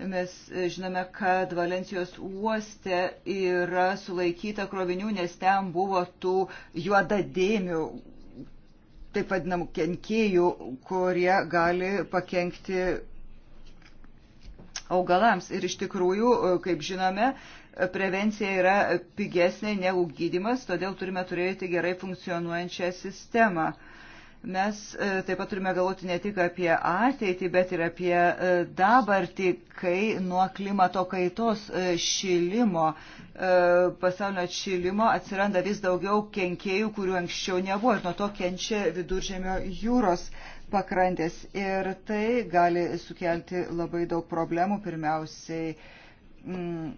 Mes e, žinome, kad Valencijos uoste yra sulaikyta krovinių, nes ten buvo tų juodadėmių, taip vadinamų kenkėjų, kurie gali pakenkti augalams. Ir iš tikrųjų, e, kaip žinome, prevencija yra pigesnė negu gydimas, todėl turime turėti gerai funkcionuojančią sistemą. Mes e, taip pat turime galvoti ne tik apie ateitį, bet ir apie e, dabartį, kai nuo klimato kaitos e, šilimo, pasaulio šilimo atsiranda vis daugiau kenkėjų, kurių anksčiau nebuvo ir nuo to kenčia viduržėmio jūros pakrantės. Ir tai gali sukelti labai daug problemų, pirmiausiai. Mm,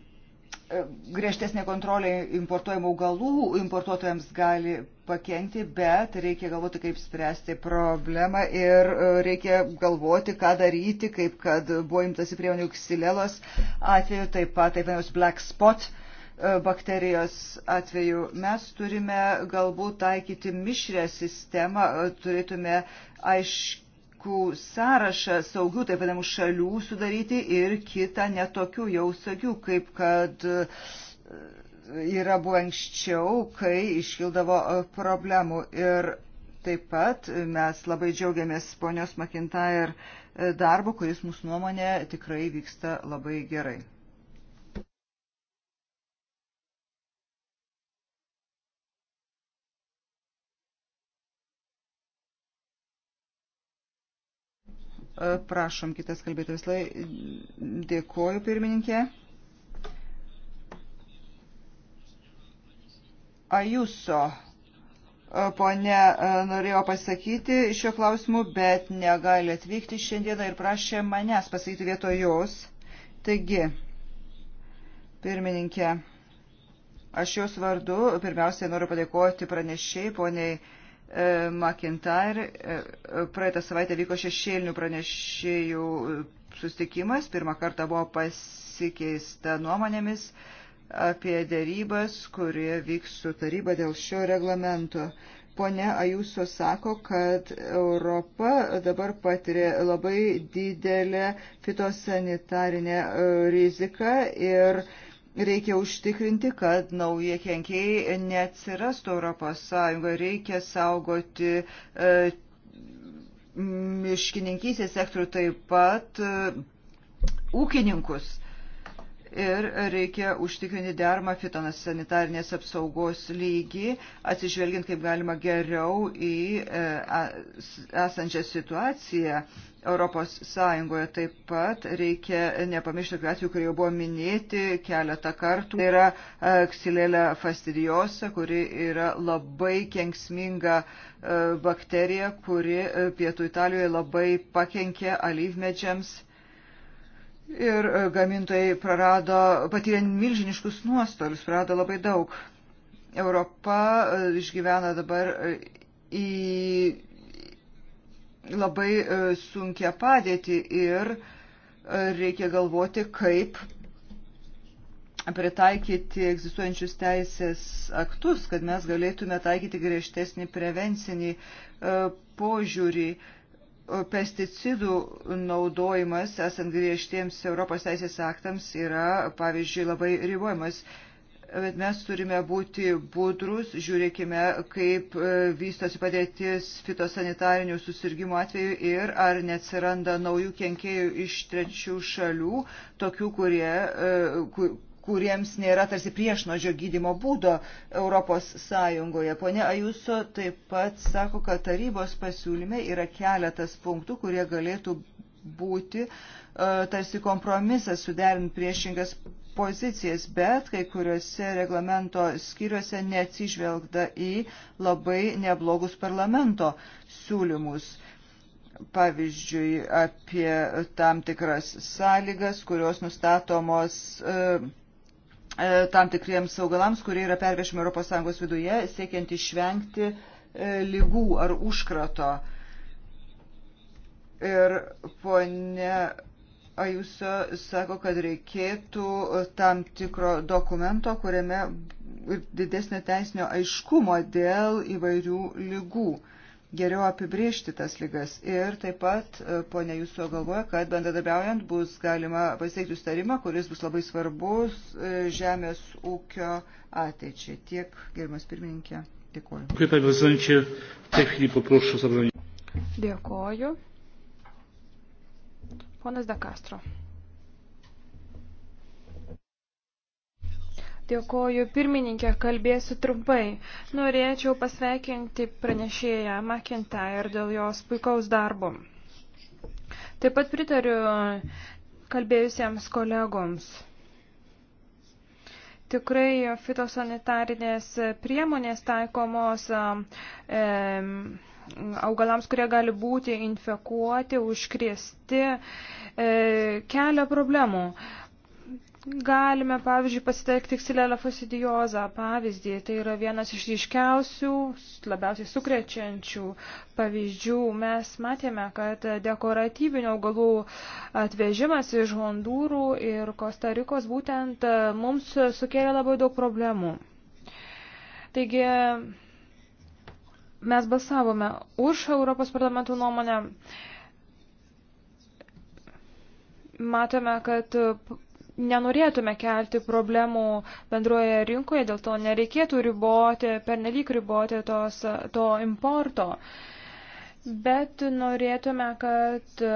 E, griežtesnė kontrolė importuojamų augalų importuotojams gali pakengti, bet reikia galvoti, kaip spręsti problemą ir e, reikia galvoti, ką daryti, kaip kad buvo imtasi priemonių ksilelos atveju, taip pat taip vienos black spot e, bakterijos atveju. Mes turime galbūt taikyti mišrę sistemą, turėtume aiškiai tokių sąrašą saugių, taip vadinamų, šalių sudaryti ir kitą netokių jau saugių, kaip kad e, yra buvo anksčiau, kai iškildavo e, problemų. Ir taip pat mes labai džiaugiamės ponios Makintair e, darbu, kuris mūsų nuomonė tikrai vyksta labai gerai. E, prašom, kitas kalbėtojas. Dėkuoju, pirmininkė. Ajuso e, ponė e, norėjo pasakyti šio klausimu, bet negali atvykti šiandieną ir prašė manęs pasakyti vietoj jos. Taigi, pirmininkė, aš jos vardu pirmiausiai noriu padėkoti pranešiai poniai E, McIntyre. E, praeitą savaitę vyko šešėlinių pranešėjų e, sustikimas. Pirmą kartą buvo pasikeista nuomonėmis apie dėrybas, kurie vyks su taryba dėl šio reglamento. Pone Ajuso sako, kad Europa dabar patiria labai didelę fitosanitarinę riziką ir uh, Reikia užtikrinti, kad nauji kenkėjai neatsirastų Europos Sąjungoje. Reikia saugoti e, miškininkysės sektorių taip pat e, ūkininkus ir reikia užtikrinti dermą fitonasanitarnės apsaugos lygį, atsižvelgiant kaip galima geriau į e, esančią situaciją Europos Sąjungoje. Taip pat reikia nepamiršti tokių atvejų, kurie jau buvo minėti keletą kartų. Tai yra ksilėlė e, fastidiosa, kuri yra labai kenksminga e, bakterija, kuri pietų Italijoje labai pakenkė alyvmedžiams Ir e, gamintojai prarado, patyrė milžiniškus nuostolius, prarado labai daug. Europa e, išgyvena dabar e, į labai sunkia padėtį ir reikia galvoti, kaip pritaikyti egzistuojančius teisės aktus, kad mes galėtume taikyti griežtesnį prevencinį požiūrį. Pesticidų naudojimas, esant griežtiems Europos teisės aktams, yra, pavyzdžiui, labai ribojamas. Bet mes turime būti budrus, žiūrėkime, kaip e, vystosi padėtis fitosanitarinių susirgymų atveju ir ar neatsiranda naujų kenkėjų iš trečių šalių, tokių, kurie, e, kuriems nėra tarsi priešnožio gydimo būdo Europos Sąjungoje. Pone Ajuso taip pat sako, kad tarybos pasiūlyme yra keletas punktų, kurie galėtų būti e, tarsi kompromisas suderint priešingas pozicijas, bet kai kuriuose reglamento skyriuose neatsižvelgda į labai neblogus parlamento siūlymus pavyzdžiui, apie tam tikras sąlygas, kurios nustatomos e, E, tam tikriems augalams, kurie yra pervešimi ES viduje, siekiant išvengti e, lygų ar užkrato. Ir ponė Ajuso sako, kad reikėtų tam tikro dokumento, kuriame ir didesnio teisinio aiškumo dėl įvairių lygų geriau apibriežti tas lygas. Ir taip pat, e, ponė, jūsų galvoja, kad bendradarbiaujant bus galima pasiekti sustarimą, kuris bus labai svarbus e, žemės ūkio ateičiai. Tiek, gerimas pirmininkė, dėkuoju. Dėkuoju. Ponas De Castro. Dėkoju pirmininkė, kalbėsiu trumpai. Norėčiau pasveikinti pranešėją McIntyre dėl jos puikaus darbo. Taip pat pritariu kalbėjusiems kolegoms. Tikrai fitosanitarinės priemonės taikomos e, augalams, kurie gali būti infekuoti, užkrėsti, e, kelia problemų. E, Galime, pavyzdžiui, pasitelkti ksilelę fosidiozą pavyzdį. Tai yra vienas iš ryškiausių, labiausiai sukrečiančių pavyzdžių. Mes matėme, kad dekoratyvinių augalų atvežimas iš Hondūrų ir Kostarikos būtent e, mums sukėlė labai daug problemų. Taigi, mes balsavome už Europos parlamentų nuomonę. Matome, kad nenorėtume kelti problemų bendroje rinkoje, dėl to nereikėtų riboti, pernelyg riboti tos, to importo. Bet norėtume, kad e,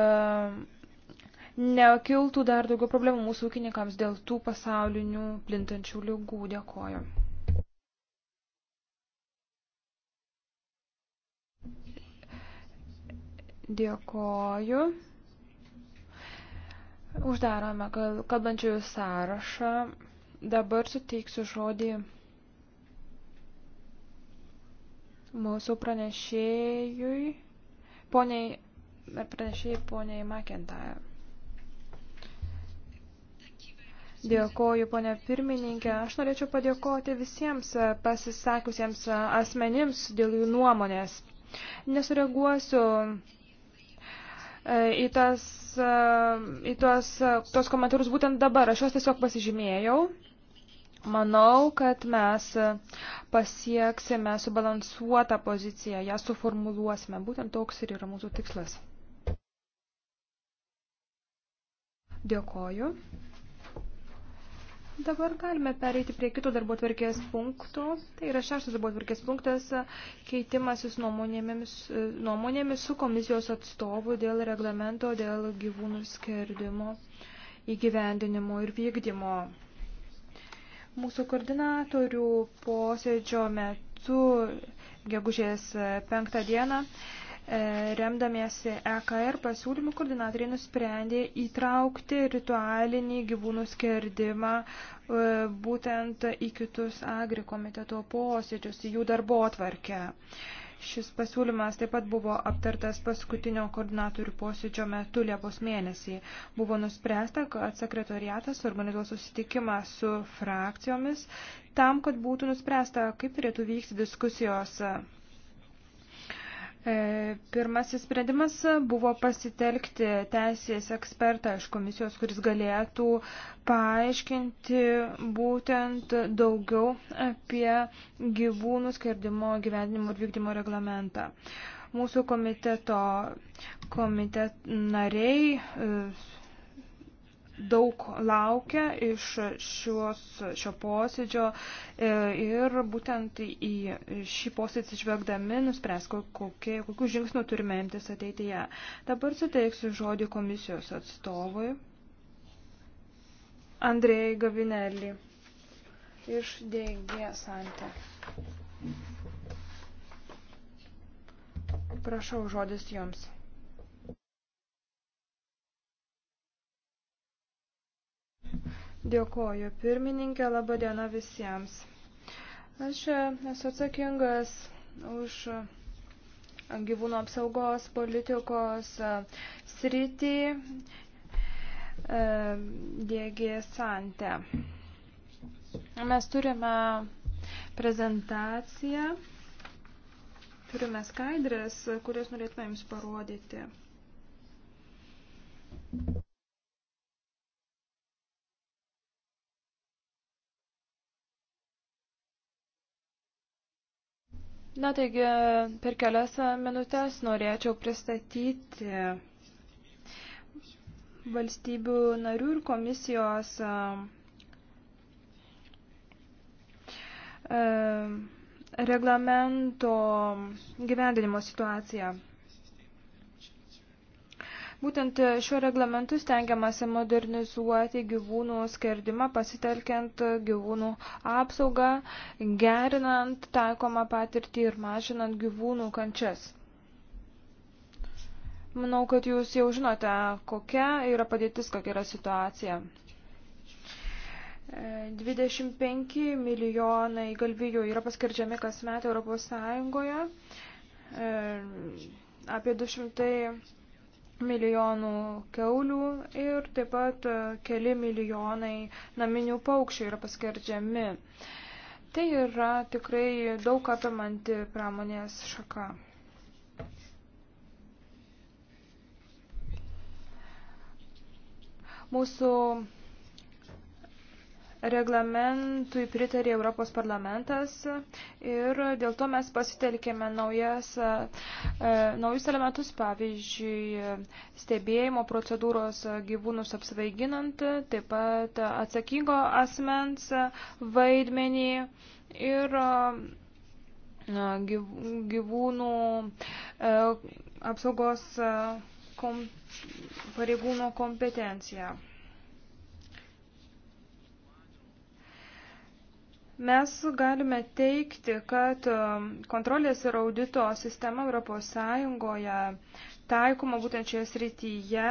nekiltų dar daugiau problemų mūsų ūkininkams dėl tų pasaulinių plintančių lygų. Dėkoju. Dėkoju. Uždarome kalbančiųjų sąrašą. Dabar suteiksiu žodį mūsų pranešėjui, poniai, pranešėjai poniai McIntyre. Dėkoju, ponė pirmininkė. Aš norėčiau padėkoti visiems pasisakiusiems asmenims dėl jų nuomonės. Nesureaguosiu E, į, tas, e, į tuos, e, tuos komentarus būtent dabar. Aš juos tiesiog pasižymėjau. Manau, kad mes pasieksime subalansuotą poziciją, ją suformuluosime. Būtent toks ir yra mūsų tikslas. Dėkoju. Dabar galime pereiti prie kito darbo tvarkės punktų. Tai yra šeštas darbo tvarkės punktas keitimasis nuomonėmis, nuomonėmis su komisijos atstovu dėl reglamento dėl gyvūnų skerdimo įgyvendinimo ir vykdymo. Mūsų koordinatorių posėdžio metu gegužės penktą dieną E, remdamiesi EKR pasiūlymų koordinatoriai nusprendė įtraukti ritualinį gyvūnų skerdimą e, būtent į kitus agri komiteto posėdžius, į jų darbo atvarkę. Šis pasiūlymas taip pat buvo aptartas paskutinio koordinatorių posėdžio metu Liepos mėnesį. Buvo nuspręsta, kad sekretoriatas organizuos susitikimą su frakcijomis tam, kad būtų nuspręsta, kaip turėtų vykti diskusijos E, pirmasis sprendimas buvo pasitelkti teisės ekspertą iš komisijos, kuris galėtų paaiškinti būtent daugiau apie gyvūnų skerdimo gyvenimo ir vykdymo reglamentą. Mūsų komiteto komitet nariai e, daug laukia iš šios, šio posėdžio e, ir būtent į šį posėdį atsižvelgdami nuspręs, kokie, kokių žingsnių turime imtis ateityje. Dabar suteiksiu žodį komisijos atstovui Andrėjai Gavinelį iš DG Santė. Prašau žodis jums. Dėkoju pirmininkė, laba diena visiems. Aš esu atsakingas už gyvūnų apsaugos politikos sritį e, dėgį santę. Mes turime prezentaciją, turime skaidrės, kurias norėtume jums parodyti. Na taigi, per kelias minutės norėčiau pristatyti valstybių narių ir komisijos reglamento gyvendinimo situaciją. Būtent šiuo reglamentu stengiamasi modernizuoti gyvūnų skerdimą, pasitelkiant gyvūnų apsaugą, gerinant taikomą patirtį ir mažinant gyvūnų kančias. Manau, kad jūs jau žinote, kokia yra padėtis, kokia yra situacija. 25 milijonai galvijų yra paskerdžiami kasmet Europos Sąjungoje, apie 200 milijonų keulių ir taip pat e, keli milijonai naminių paukščių yra paskerdžiami. Tai yra tikrai daug apimanti pramonės šaka. Mūsų Reglamentui pritarė Europos parlamentas ir dėl to mes pasitelkėme naujas, e, naujus elementus, pavyzdžiui, stebėjimo procedūros gyvūnus apsvaiginant, taip pat atsakingo asmens vaidmenį ir gyvūnų e, apsaugos e, kom, pareigūno kompetenciją. Mes galime teikti, kad um, kontrolės ir audito sistema ES taikoma būtent šioje srityje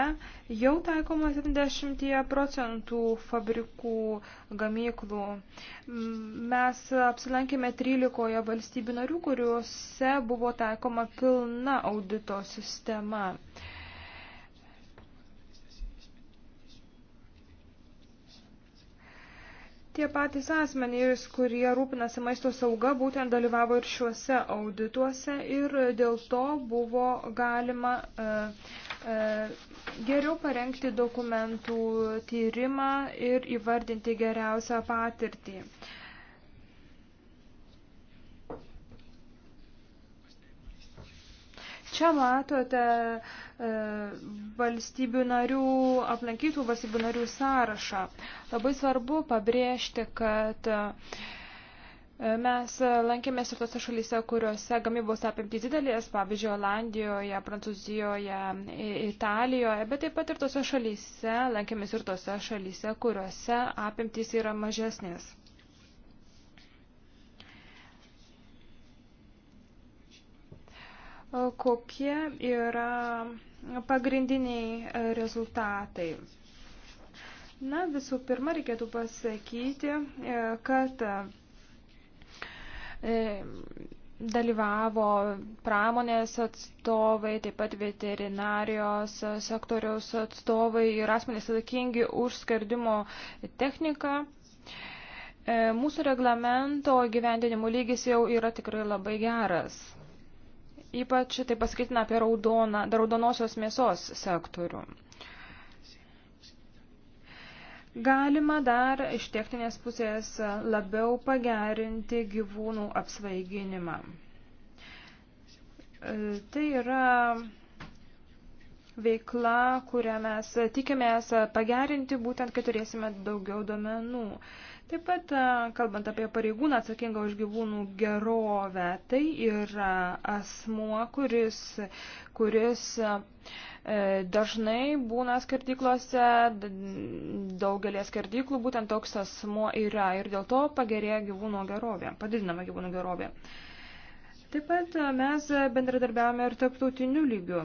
jau taikoma 70 procentų fabrikų gamyklų. Mes apsilankėme 13 valstybių narių, kuriuose buvo taikoma pilna audito sistema. Uh, Tie patys asmenys, kurie rūpinasi maisto sauga, būtent dalyvavo ir šiuose audituose ir dėl to buvo galima e, e, geriau parengti dokumentų tyrimą ir įvardinti geriausią patirtį. Čia matote e, E, valstybių narių, aplankytų valstybių narių sąrašą. Labai svarbu pabrėžti, kad e, Mes lankėmės ir tose šalyse, kuriuose gamybos apimtys didelės, pavyzdžiui, Olandijoje, Prancūzijoje, Italijoje, bet taip pat ir tose šalyse, lankėmės ir tose šalyse, kuriuose apimtys yra mažesnės. Kokie yra pagrindiniai e, rezultatai. Na, visų pirma, reikėtų pasakyti, e, kad e, dalyvavo pramonės atstovai, taip pat veterinarijos sektoriaus atstovai ir asmenys atsakingi už skardimo techniką. Mūsų reglamento gyvendinimo lygis jau yra tikrai labai geras. Ypač tai pasakytina apie raudoną, raudonosios mėsos sektorių. Galima dar iš techninės pusės labiau pagerinti gyvūnų apsvaiginimą. E, tai yra veikla, kurią mes tikimės pagerinti, būtent kai turėsime daugiau duomenų. Taip pat, kalbant apie pareigūną atsakingą už gyvūnų gerovę, tai yra asmuo, kuris, kuris e, dažnai būna skardyklose, daugelė skardyklų būtent toks asmuo yra ir dėl to pagerėja gyvūnų gerovė, padidinama gyvūnų gerovė. Taip pat mes bendradarbiavame ir tarptautiniu lygiu.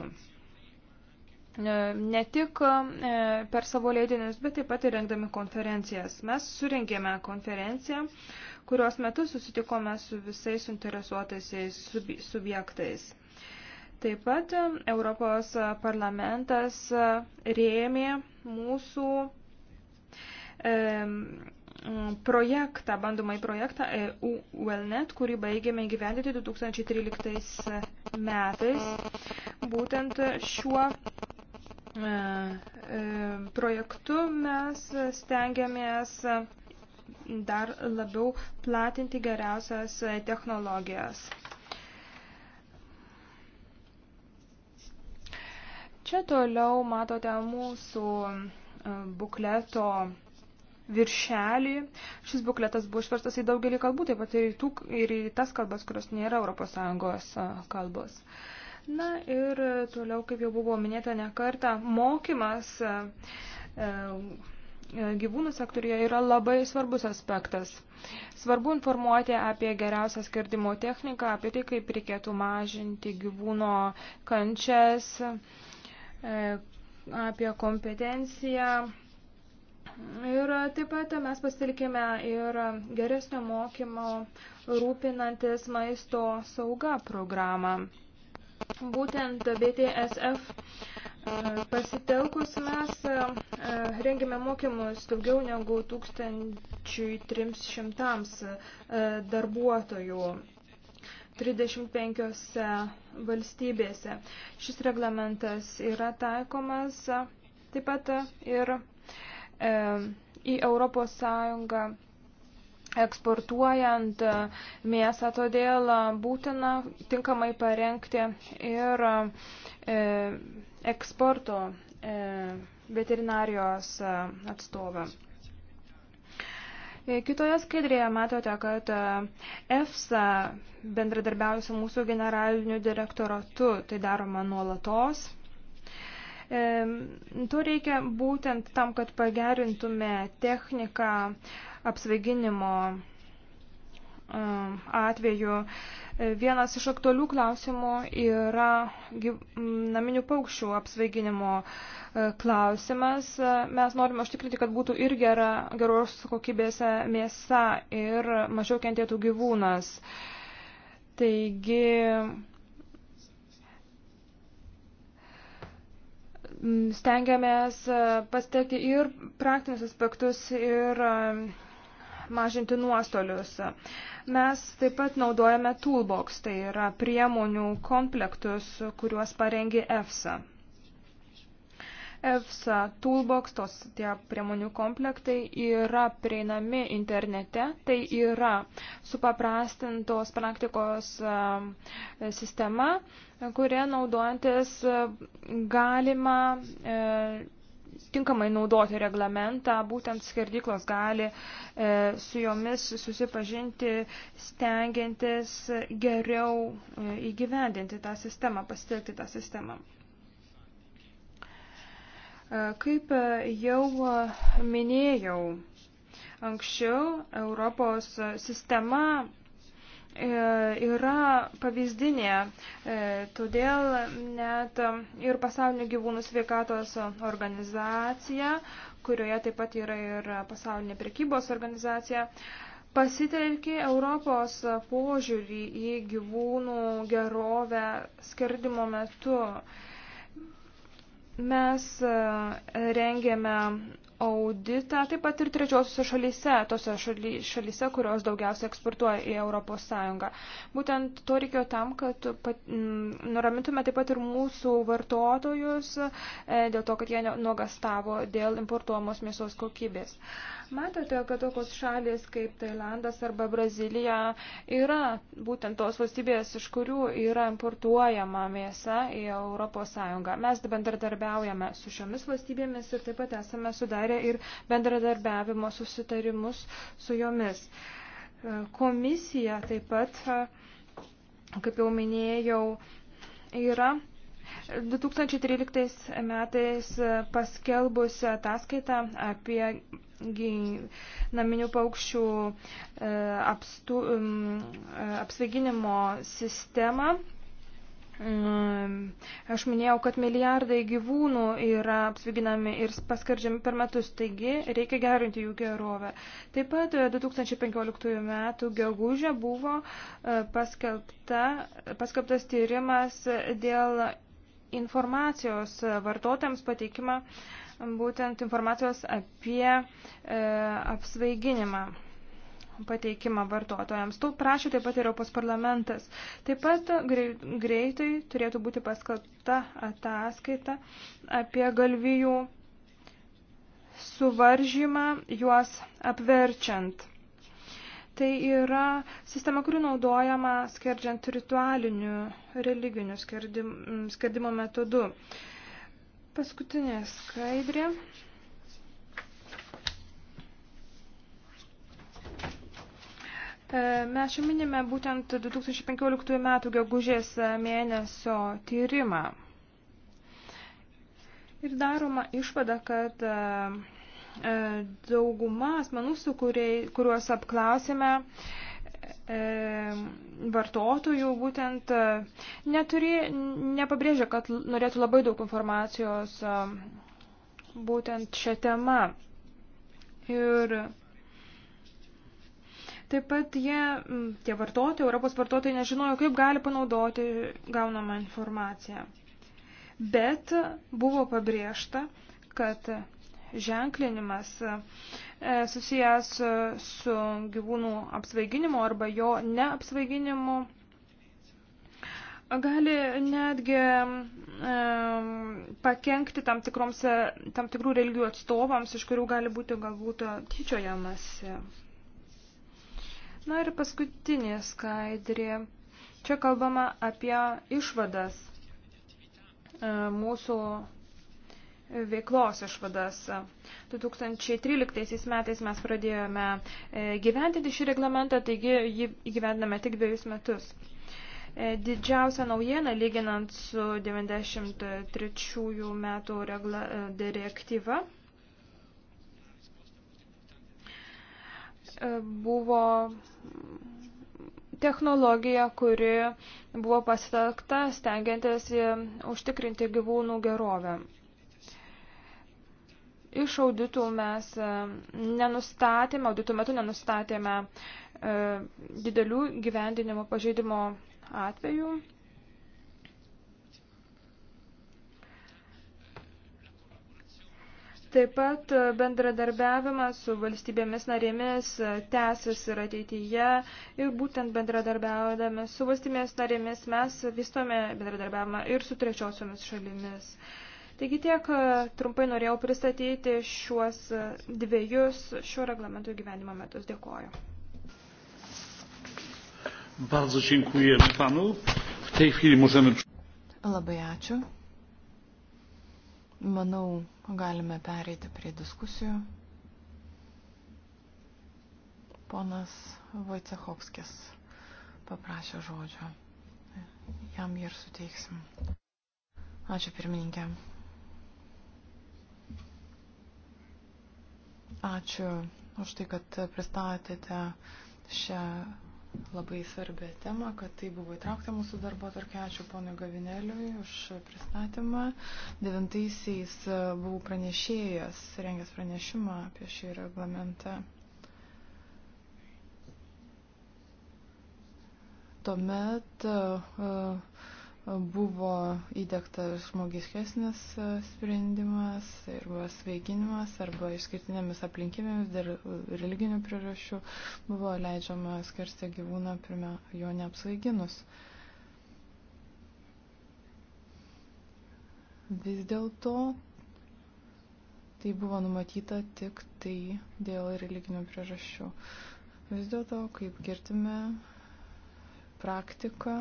E, ne tik e, per savo leidinius, bet taip pat ir rengdami konferencijas. Mes surinkėme konferenciją, kurios metu susitikome su visais suinteresuotaisiais subjektais. Taip pat e, Europos parlamentas rėmė mūsų projektą, bandomai projektą EU Wellnet, kurį baigėme gyventi 2013 metais. Būtent šiuo E, e, projektu mes stengiamės dar labiau platinti geriausias technologijas. Čia toliau matote mūsų e, bukleto viršelį. Šis bukletas buvo išverstas į daugelį kalbų, taip pat ir į, tų, ir į tas kalbas, kurios nėra ES kalbos. Uh, Na ir e, toliau, kaip jau buvo minėta ne kartą, mokymas e, e, gyvūnų sektorija yra labai svarbus aspektas. Svarbu informuoti apie geriausią skirdimo techniką, apie tai, kaip reikėtų mažinti gyvūno kančias, apie kompetenciją. Ir taip pat mes pasilikime ir geresnio mokymo rūpinantis maisto sauga programą būtent BTSF e, pasitelkus mes e, e, rengėme mokymus daugiau negu 1300 darbuotojų 35 valstybėse. Šis reglamentas yra taikomas taip pat ir į Europos Sąjungą eksportuojant mėsą, todėl būtina tinkamai parengti ir e, eksporto e, veterinarijos atstovą. E, kitoje skaidrėje matote, kad EFSA bendradarbiausia mūsų generaliniu direktoratu, tai daroma nuolatos To reikia būtent tam, kad pagerintume techniką apsvaiginimo atveju. Vienas iš aktualių klausimų yra naminių paukščių apsvaiginimo e, klausimas. Mes norime užtikrinti, kad būtų ir gera, geros kokybės e, mėsa ir mažiau kentėtų gyvūnas. Taigi, stengiamės e, pastelti ir praktinius aspektus, ir e, mažinti nuostolius. Mes taip pat naudojame toolbox, tai yra priemonių komplektus, kuriuos parengė EFSA. EFSA Toolbox, tos tie priemonių komplektai yra prieinami internete, tai yra supaprastintos praktikos e, sistema, kuria naudojantis e, galima e, tinkamai naudoti reglamentą, būtent skerdyklos gali e, su jomis susipažinti, stengiantis geriau e, įgyvendinti tą sistemą, pasitikti tą sistemą. E, kaip e, jau e, minėjau, anksčiau Europos sistema yra pavyzdinė, todėl net ir pasaulinio gyvūnų sveikatos organizacija, kurioje taip pat yra ir pasaulinė prekybos organizacija, pasitelkė Europos požiūrį į gyvūnų gerovę skerdimo metu. Mes e, rengėme auditą taip pat ir trečiosiuose šalyse, tose šaly, šalyse, kurios daugiausia eksportuoja į Europos Sąjungą. Būtent to reikėjo tam, kad pat, m, nuramintume taip pat ir mūsų vartotojus e, dėl to, kad jie nuogastavo dėl importuomos mėsos kokybės. E, Matote, kad tokios šalis kaip Tailandas arba Brazilija yra būtent tos valstybės, iš kurių yra importuojama mėsa į ES. Mes bendradarbiaujame su šiomis valstybėmis ir taip pat esame sudarę ir bendradarbiavimo susitarimus su jomis. Komisija taip pat, kaip jau minėjau, yra 2013 metais paskelbus ataskaitą apie naminių paukščių e, apstu, e, apsvaiginimo sistemą. Mm, aš minėjau, kad milijardai gyvūnų yra apsviginami ir paskardžiami per metus, taigi reikia gerinti jų gerovę. Taip pat 2015 m. gegužė buvo e, paskelbta, paskelbtas tyrimas dėl informacijos vartotojams pateikimą uh, būtent informacijos apie e, apsvaiginimą pateikimą vartotojams. Tų prašė taip pat ir Europos parlamentas. Taip pat greitai turėtų būti paskalta ataskaita apie galvijų suvaržymą juos apverčiant. Tai yra sistema, kuri naudojama skerdžiant ritualiniu religiniu skerdimo metodu. E, Paskutinė skaidrė. E, mes čia minime būtent 2015 metų gegužės mėnesio tyrimą. Ir daroma išvada, kad e, e, dauguma asmenų, su kuriuos apklausėme, E, vartotojų būtent e, neturi, nepabrėžia, kad norėtų labai daug informacijos e, būtent šią temą. Ir taip pat jie, tie vartotojai, Europos vartotojai nežinojo, kaip gali panaudoti gaunamą informaciją. Bet buvo pabrėžta, kad ženklinimas E, susijęs e, su gyvūnų apsvaiginimu arba jo neapsvaiginimu. Gali netgi e, pakenkti tam, tikroms, e, tam tikrų religijų atstovams, iš kurių gali būti galbūt tyčiojamasi. Na ir paskutinė skaidrė. Čia kalbama apie išvadas mūsų veiklos išvadas. 2013 metais mes pradėjome e, gyventinti šį reglamentą, taigi jį įgyvendame tik dviejus metus. E, didžiausia naujiena, lyginant su 93 metų regla, e, direktyva, buvo technologija, kuri buvo pasitelkta stengiantis užtikrinti gyvūnų gerovę. Iš auditų mes e, nenustatėme, auditų metu nenustatėme e, didelių gyvendinimo pažeidimo atvejų. Taip pat e, bendradarbiavimas su valstybėmis narėmis tęsis ir ateityje ir būtent bendradarbiaudami su valstybėmis narėmis mes vystome bendradarbiavimą ir su trečiosiomis šalimis. Uh, Taigi tiek e, trumpai norėjau pristatyti šiuos e, dviejus šio reglamento gyvenimo metus. Dėkoju. Bardzo dziękuję panu. W tej chwili możemy... Labai ačiū. Manau, galime pereiti prie diskusijų. Ponas Vaicehovskis paprašė žodžio. Jam ir suteiksim. Ačiū pirmininkė. Ačiū už tai, kad pristatėte šią labai svarbę temą, kad tai buvo įtraukta mūsų darbo tarkė. Ačiū ponui Gavineliui už pristatymą. Devintaisiais buvau pranešėjas, rengęs pranešimą apie šį reglamentą. Tuomet uh, buvo įdėktas žmogiškesnis e, sprendimas arba sveikinimas arba išskirtinėmis aplinkybėmis dėl religinių priežasčių buvo leidžiama skersti gyvūną pirmia jo neapsvaiginus. Vis dėlto tai buvo numatyta tik tai dėl religinių priežasčių. Vis dėlto, kaip girdime, praktika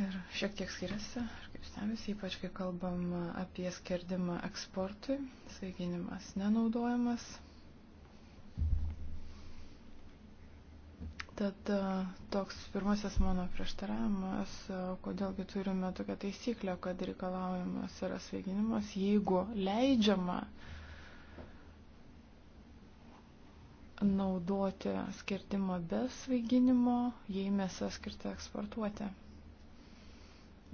ir šiek tiek skiriasi, kaip stebisi, ypač kai kalbam apie skerdimą eksportui, sveikinimas nenaudojamas. Tad e, toks pirmasis mano prieštaravimas, e, kodėlgi turime tokią taisyklę, kad reikalaujamas yra sveikinimas, jeigu leidžiama naudoti skirtimą be svaiginimo, jei mėsą skirtą eksportuoti.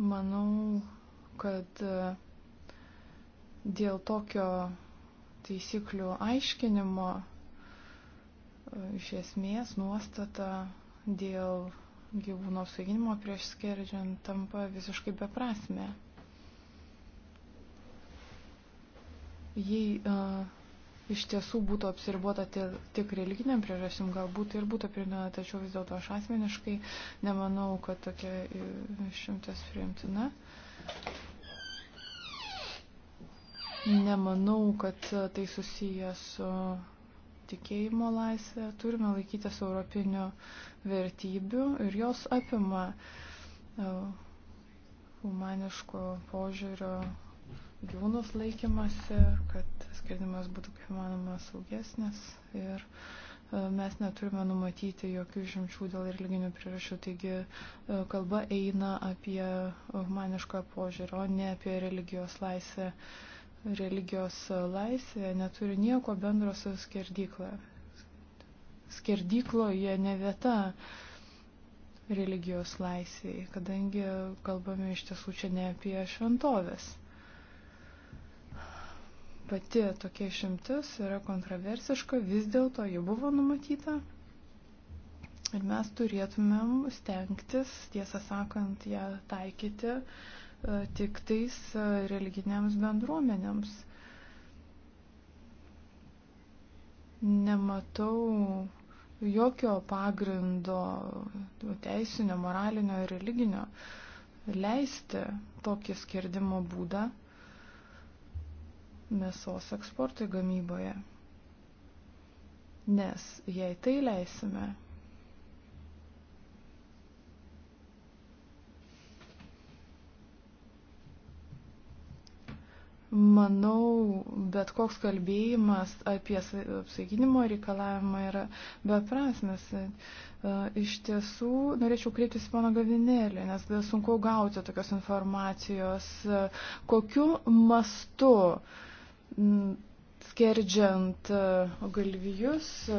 Manau, kad e, dėl tokio taisyklių aiškinimo e, iš esmės nuostata dėl gyvūno suginimo prieš skerdžiant tampa visiškai beprasme. Jei uh, iš tiesų būtų apsiribuota tik religiniam priežastim, galbūt tai ir būtų priimtina, tačiau vis dėlto aš asmeniškai nemanau, kad tokia e, šimtas priimtina. Nemanau, kad tai susiję su tikėjimo laisvė. Turime laikytis europinių vertybių ir jos apima e, humaniško požiūrio gyvūnus laikymasi, kad skirdimas būtų kaip manoma saugesnis ir e, mes neturime numatyti jokių žimčių dėl religinių priežasčių. Taigi e, kalba eina apie humanišką požiūrį, o ne apie religijos laisvę. Religijos laisvė neturi nieko bendro su skerdykla. Skerdykloje ne vieta religijos laisviai, kadangi kalbame iš tiesų čia ne apie šventovės pati tokia išimtis yra kontroversiška, vis dėlto ji buvo numatyta. Ir mes turėtumėm stengtis, tiesą sakant, ją taikyti e, tik tais e, religinėms bendruomenėms. Nematau jokio pagrindo e, teisinio, moralinio ir religinio leisti tokį skirdimo būdą mėsos eksportui gamyboje. Nes jei tai leisime, manau, bet koks kalbėjimas apie apsaiginimo reikalavimą yra beprasmes. E, iš tiesų, norėčiau kreiptis į mano gavinėlį, nes sunku gauti tokios informacijos, e, kokiu mastu uh, skerdžiant e, galvijus e,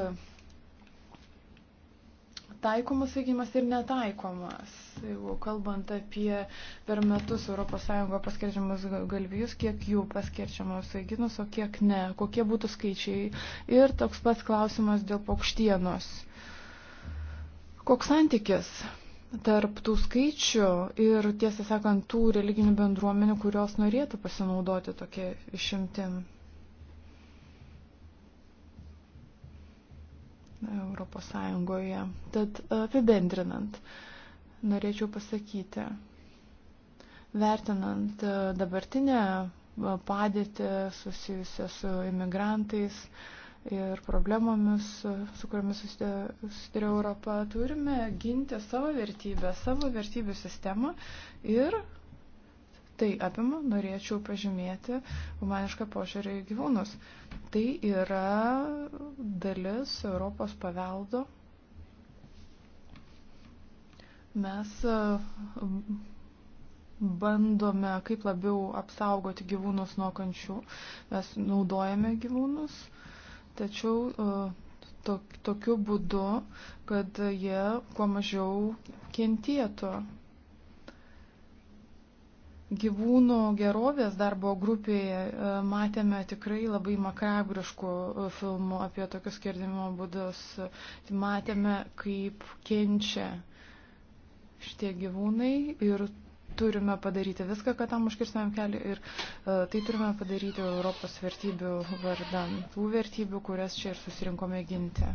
taikomas veikimas ir netaikomas. Jeigu kalbant apie per metus ES paskirčiamus galvijus, kiek jų paskirčiamos veikinus, o kiek ne, kokie būtų skaičiai. Ir toks pats klausimas dėl paukštienos. Koks santykis tarp tų skaičių ir, tiesą sakant, tų religinių bendruomenių, kurios norėtų pasinaudoti tokia išimtim. Europos Sąjungoje. Tad apibendrinant, norėčiau pasakyti, vertinant e, dabartinę e, padėtį susijusią su imigrantais, uh, ir problemomis, su kuriamis susiduria Europa, turime ginti savo vertybę, savo vertybių sistemą ir tai apima, norėčiau pažymėti, humanišką požiūrį į gyvūnus. Tai yra dalis Europos paveldo. Mes bandome kaip labiau apsaugoti gyvūnus nuo kančių. Mes naudojame gyvūnus. Uh, Tačiau e, tok, tokiu būdu, kad jie kuo mažiau kentėtų. Gyvūnų gerovės darbo grupėje e, matėme tikrai labai makabriškų e, filmų apie tokius skerdimo būdus. Matėme, kaip kenčia šitie gyvūnai ir turime padaryti viską, kad tam užkirstumėm kelią ir uh, tai turime padaryti Europos vertybių vardan, tų vertybių, kurias čia ir susirinkome ginti.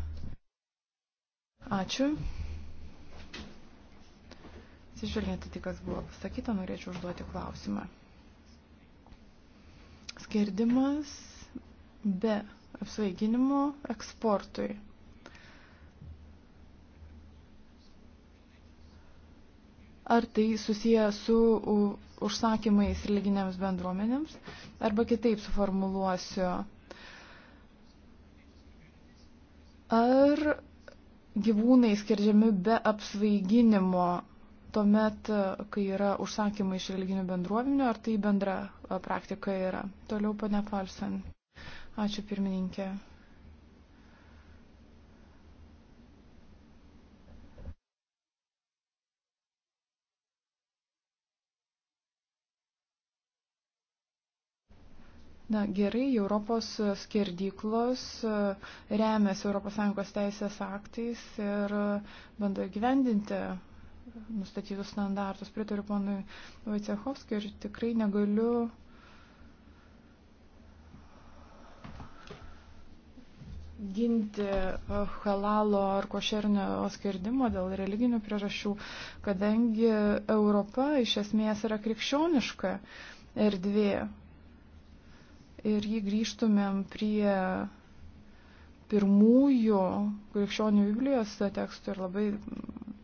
Ačiū. Atsižvelgiant tai, kas buvo pasakyta, norėčiau užduoti klausimą. Skirdimas be apsvaiginimo eksportui ar tai susiję su užsakymais religinėms bendruomenėms, arba kitaip suformuluosiu. Ar gyvūnai skerdžiami be apsvaiginimo tuomet, kai yra užsakymai iš religinių bendruomenių, ar tai bendra praktika yra? Toliau, pane Falsen. Ačiū pirmininkė. Na gerai, Europos skerdyklos e, remiasi ES teisės aktais ir e, bando gyvendinti nustatytus standartus. Pritariu ponui Vaicehovskiu ir tikrai negaliu. ginti e, halalo ar košernio skirdimo dėl religinių priežasčių, kadangi Europa iš esmės yra krikščioniška erdvė ir jį grįžtumėm prie pirmųjų krikščionių Biblijos tekstų ir labai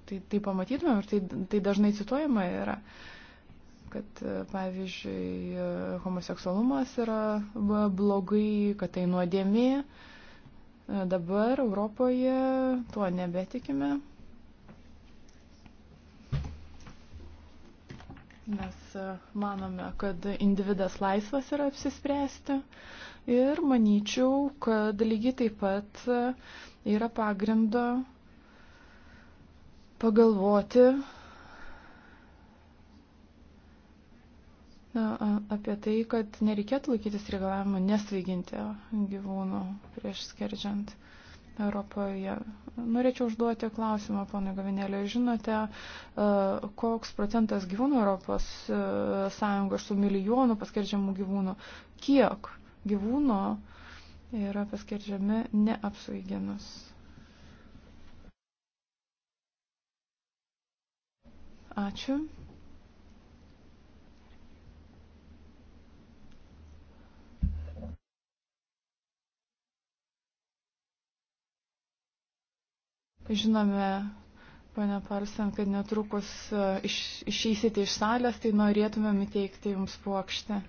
tai, tai pamatytumėm ir tai, tai dažnai cituojama yra, kad e, pavyzdžiui e, homoseksualumas yra blogai, kad tai nuodėmė. E, dabar Europoje tuo nebetikime. Mes e, manome, kad individas laisvas yra apsispręsti ir manyčiau, kad lygiai taip pat e, yra pagrindo pagalvoti na, apie tai, kad nereikėtų laikytis reikalavimo nesvaiginti gyvūnų prieš skerdžiant. Uh, Europoje. Norėčiau užduoti klausimą, ponai Gavinėlė. Žinote, e, koks procentas gyvūnų Europos e, Sąjungo, su milijonu paskerdžiamų gyvūnų, kiek gyvūnų yra paskerdžiami neapsvaiginus? Ačiū. Žinome, pane Parsen, kad netrukus e, iš, išeisite iš salės, tai norėtumėm įteikti jums plokštę.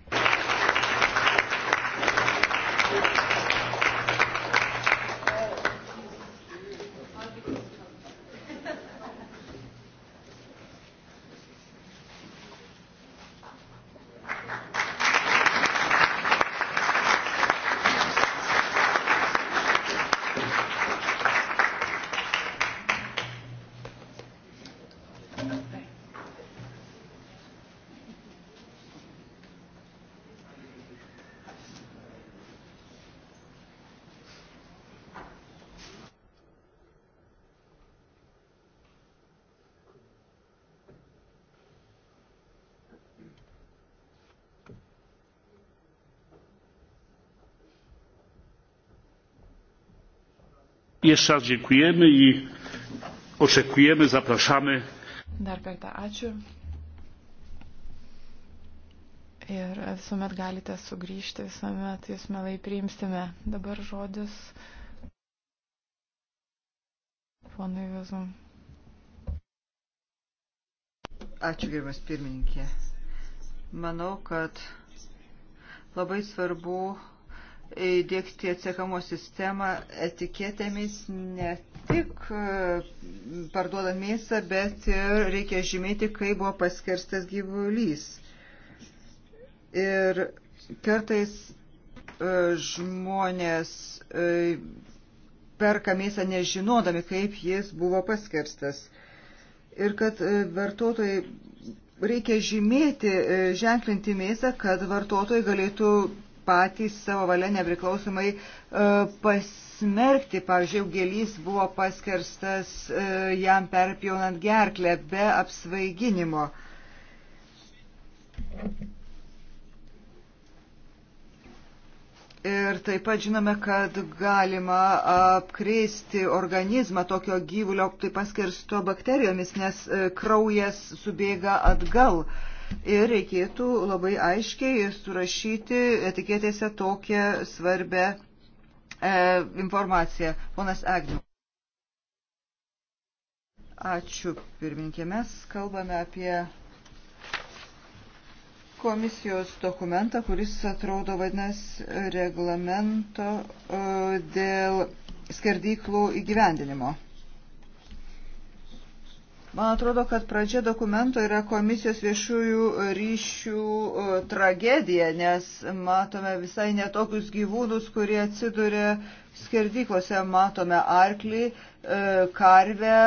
Jeszcze raz dziękujemy i oczekujemy, zapraszamy. Dar kartą ačiū. Ir visuomet galite sugrįžti, visuomet jūs melai priimsime. Dabar žodis ponui Vizum. Ačiū, gerbiamas pirmininkė. Manau, kad labai svarbu įdėkti atsekamo sistemą etiketėmis ne tik e, parduodant mėsą, bet ir reikia žymėti, kai buvo paskirstas gyvulys. Ir kartais e, žmonės e, perka mėsą nežinodami, kaip jis buvo paskirstas. Ir kad vartotojai reikia žymėti, ženklinti mėsą, kad vartotojai galėtų patys savo valia nepriklausomai e, pasmerkti. Pavyzdžiui, gėlys buvo paskerstas e, jam perpjaunant gerklę be apsvaiginimo. Ir taip pat žinome, kad galima apkrėsti organizmą tokio gyvulio, tai paskersto bakterijomis, nes e, kraujas subėga atgal. Uh, ir reikėtų labai aiškiai surašyti etiketėse tokią svarbę e, informaciją. Ponas Agniu. Ačiū, pirminkė. Mes kalbame apie komisijos dokumentą, kuris atrodo vadinas reglamento e, dėl skerdyklų įgyvendinimo. Man atrodo, kad pradžia dokumento yra komisijos viešųjų ryšių e, tragedija, nes matome visai netokius gyvūnus, kurie atsiduria skerdyklose. Matome arklį, e, karvę,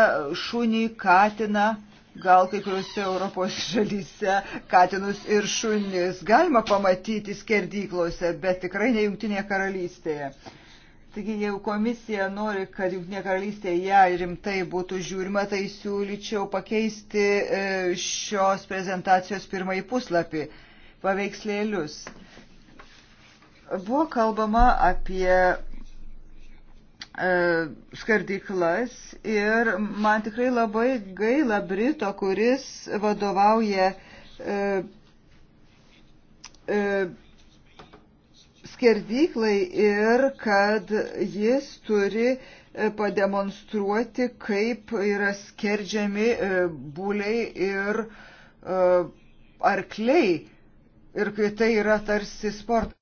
šunį, katiną. Gal kai kuriuose Europos šalyse katinus ir šunis galima pamatyti skerdyklose, bet tikrai ne Jungtinėje karalystėje. Uh, Taigi, jeigu komisija nori, kad Junktinė karalystė ją rimtai būtų žiūrima, tai siūlyčiau pakeisti e, šios prezentacijos pirmąjį puslapį - paveikslėlius. Buvo kalbama apie e, skardiklas ir man tikrai labai gaila Brito, kuris vadovauja e, skerdyklai ir kad jis turi e, pademonstruoti, kaip yra skerdžiami e, būliai ir e, arkliai ir kai tai yra tarsi sportas.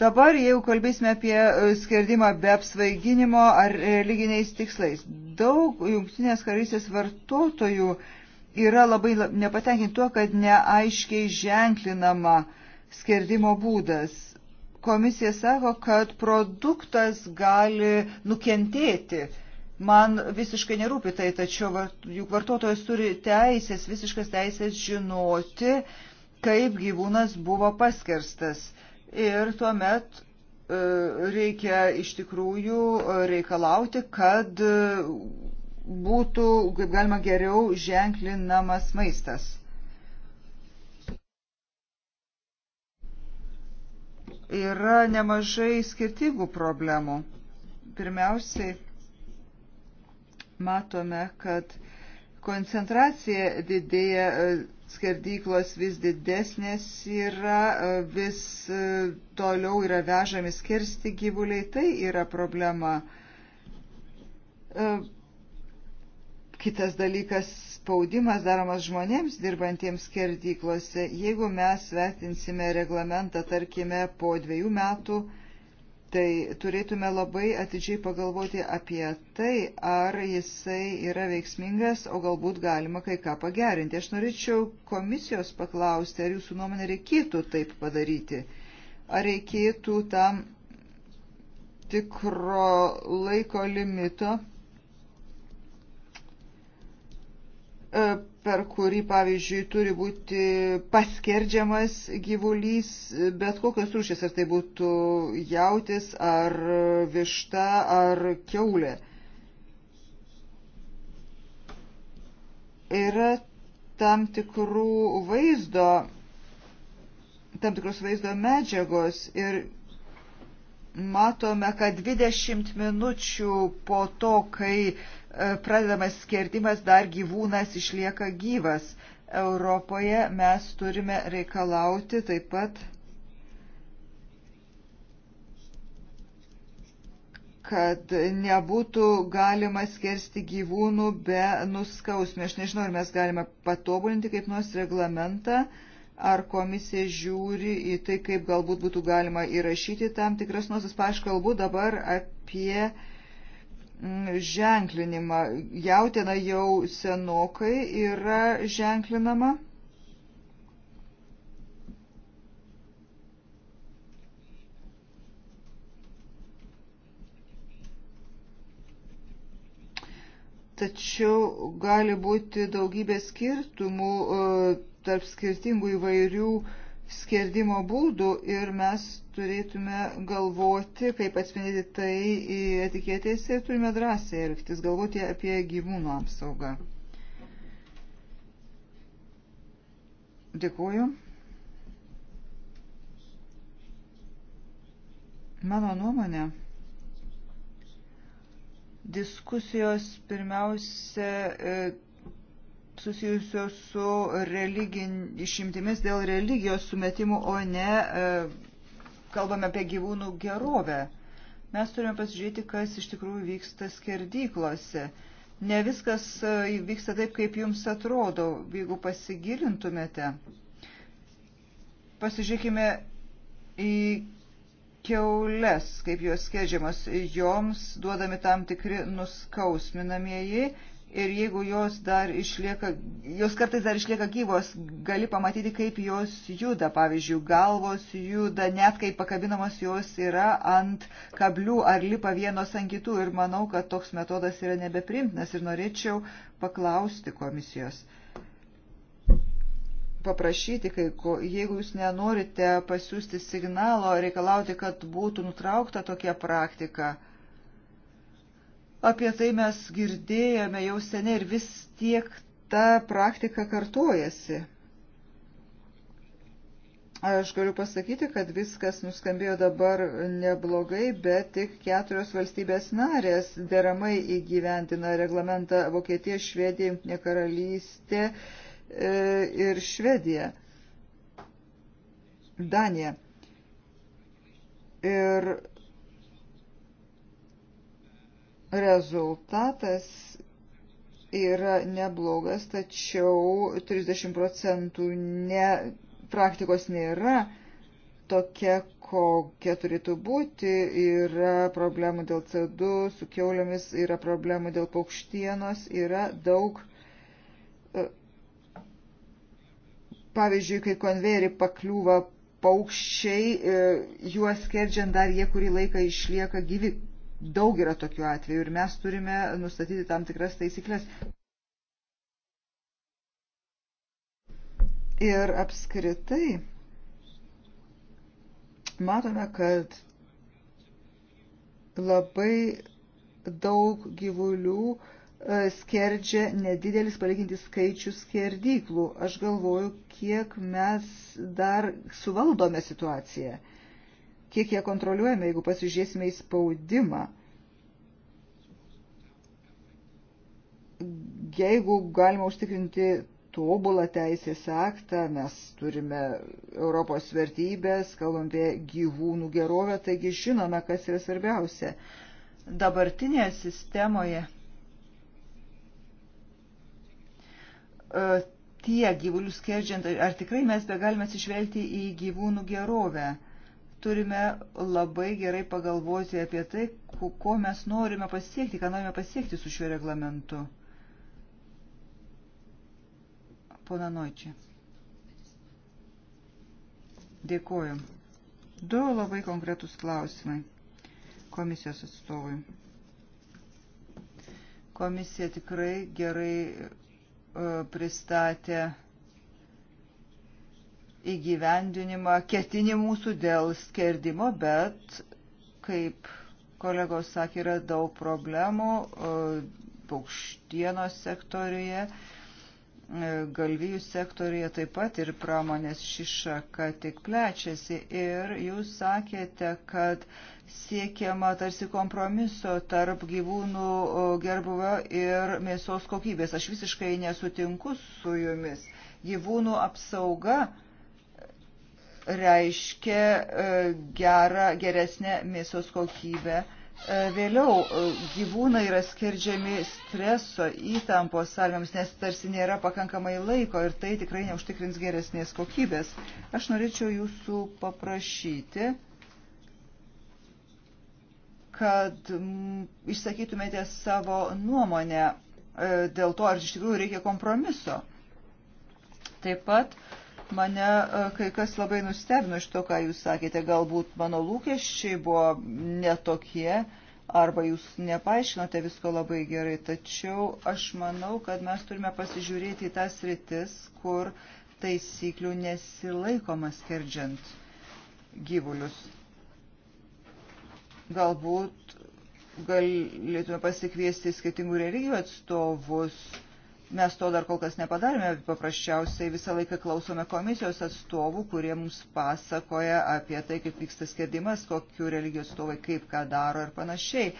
Dabar, jeigu kalbėsime apie skerdimą be apsvaiginimo ar religiniais tikslais, daug jungtinės karalystės vartotojų yra labai nepatenkinti tuo, kad neaiškiai ženklinama uh, skerdimo būdas. Komisija sako, kad produktas gali nukentėti. Man visiškai nerūpi tai, tačiau juk vartotojas turi teisės, visiškas teisės žinoti, kaip gyvūnas buvo paskerstas. Ir tuomet e, reikia iš tikrųjų reikalauti, kad būtų, kaip galima geriau, ženklinamas maistas. yra nemažai skirtingų problemų. Pirmiausiai, matome, kad koncentracija didėja, skerdyklos vis didesnės yra, vis e, toliau yra vežami skersti gyvuliai, tai yra problema. E, Kitas dalykas - spaudimas daromas žmonėms dirbantiems skerdyklose. Jeigu mes vertinsime reglamentą, tarkime, po dviejų metų, tai turėtume labai atidžiai pagalvoti apie tai, ar jisai yra veiksmingas, o galbūt galima kai ką pagerinti. Aš norėčiau komisijos paklausti, ar jūsų nuomonė reikėtų taip padaryti, ar reikėtų tam tikro laiko limito E, per kurį, pavyzdžiui, turi būti paskerdžiamas gyvulys, bet kokios rūšės, ar tai būtų jautis, ar višta, ar keulė. Yra tam tikrų vaizdo, tam tikros vaizdo medžiagos ir matome, kad 20 minučių po to, kai E, pradedamas skerdimas dar gyvūnas išlieka gyvas. Europoje mes turime reikalauti taip pat, kad nebūtų galima skersti gyvūnų be nuskausmė. Aš nežinau, ar mes galime patobulinti kaip nors reglamentą, ar komisija žiūri į tai, kaip galbūt būtų galima įrašyti tam tikras nuosis. Paaišku, kalbu dabar apie uh, Mm, ženklinimą. Jautina jau senokai yra ženklinama. Tačiau gali būti daugybė skirtumų e, tarp skirtingų įvairių uh, skerdimo būdų ir mes turėtume galvoti, kaip atspindėti tai etiketėse ir turime drąsiai elgtis, galvoti apie gyvūnų apsaugą. Dėkuoju. Mano nuomonė, diskusijos pirmiausia e, susijusios su religin, išimtimis dėl religijos sumetimų, o ne e, kalbame apie gyvūnų gerovę. Mes turime pasižiūrėti, kas iš tikrųjų vyksta skerdyklose. Ne viskas e, vyksta taip, kaip jums atrodo, jeigu pasigilintumėte. Pasižiūrėkime į keules, kaip jos skėdžiamas, joms duodami tam tikri nuskausminamieji ir jeigu jos dar išlieka, jos kartais dar išlieka gyvos, gali pamatyti, kaip jos juda, pavyzdžiui, galvos juda, net kai pakabinamos jos yra ant kablių ar lipa vienos ant kitų ir manau, kad toks metodas yra nebeprimtinas ir norėčiau paklausti komisijos. Paprašyti, kai, ko, jeigu jūs nenorite pasiūsti signalo, reikalauti, kad būtų nutraukta tokia praktika. Apie tai mes girdėjome jau seniai ir vis tiek ta praktika kartojasi. Aš galiu pasakyti, kad viskas nuskambėjo dabar neblogai, bet tik keturios valstybės narės deramai įgyventina reglamentą Vokietija, Švedija, Junktinė karalystė e, ir Švedija. Danija. Ir Rezultatas yra neblogas, tačiau 30 procentų ne, praktikos nėra tokia, kokia turėtų būti. Yra problemų dėl CO2 su keuliomis, yra problemų dėl paukštienos, yra daug. E, pavyzdžiui, kai konvejerį pakliūva paukščiai, e, juos skerdžiant dar jie kurį laiką išlieka gyvi Daug yra tokių atvejų ir mes turime nustatyti tam tikras taisyklės. Ir apskritai matome, kad labai daug gyvulių e, skerdžia nedidelis palyginti skaičius skerdyklų. Aš galvoju, kiek mes dar suvaldome situaciją kiek jie kontroliuojame, jeigu pasižiūrėsime į spaudimą. Jeigu galima užtikrinti tobulą teisės aktą, mes turime Europos vertybės, kalbam apie gyvūnų gerovę, taigi žinome, kas yra svarbiausia. Dabartinėje sistemoje e, tie gyvulius skerdžiant, ar tikrai mes begalime atsižvelgti į gyvūnų gerovę? turime labai gerai pagalvoti apie tai, ko mes norime pasiekti, ką norime pasiekti su šiuo reglamentu. Pona Noičia. Dėkuoju. Du labai konkretus klausimai komisijos atstovui. Komisija tikrai gerai e, pristatė įgyvendinimą ketinimų dėl skerdimo, bet, kaip kolegos sakė, yra daug problemų e, paukštienos sektoriuje, e, galvijų sektoriuje taip pat ir pramonės šišaka tik plečiasi. Ir jūs sakėte, kad siekiama tarsi kompromiso tarp gyvūnų e, gerbuvio ir mėsos kokybės. Aš visiškai nesutinku su jumis. Gyvūnų apsauga reiškia e, gerą, geresnę mėsos kokybę. E, vėliau e, gyvūnai yra skerdžiami streso įtampos sąlygomis, nes tarsi nėra pakankamai laiko ir tai tikrai neužtikrins geresnės kokybės. Aš norėčiau jūsų paprašyti, kad išsakytumėte savo nuomonę dėl to, ar iš tikrųjų reikia kompromiso. Taip pat uh, Mane e, kai kas labai nustebino iš to, ką jūs sakėte. Galbūt mano lūkesčiai buvo netokie, arba jūs nepaaiškinote visko labai gerai. Tačiau aš manau, kad mes turime pasižiūrėti į tas rytis, kur taisyklių nesilaikoma skerdžiant gyvulius. Galbūt galėtume pasikviesti skirtingų religijų atstovus Mes to dar kol kas nepadarėme, paprasčiausiai visą laiką klausome komisijos atstovų, kurie mums pasakoja apie tai, kaip vyksta skirdimas, kokiu religijos atstovai kaip ką daro ir panašiai.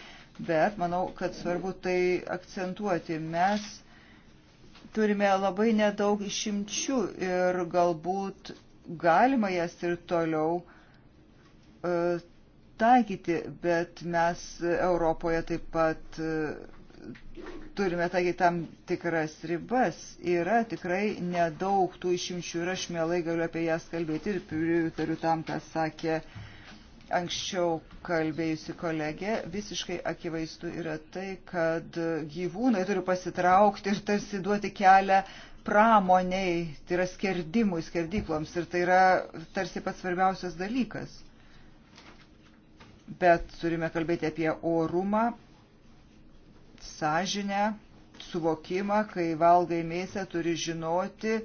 Bet manau, kad svarbu tai akcentuoti. Mes turime labai nedaug išimčių ir galbūt galima jas ir toliau e, taikyti, bet mes Europoje taip pat e, turime taigi tam tikras ribas. Yra tikrai nedaug tų išimčių ir aš mielai galiu apie jas kalbėti ir pritariu tam, ką sakė anksčiau kalbėjusi kolegė. Visiškai akivaizdu yra tai, kad gyvūnai turi pasitraukti ir tarsi duoti kelią pramoniai, tai yra skerdimui, skerdykloms ir tai yra tarsi pats svarbiausias dalykas. Bet turime kalbėti apie orumą sąžinę, suvokimą, kai valgai mėsą, turi žinoti,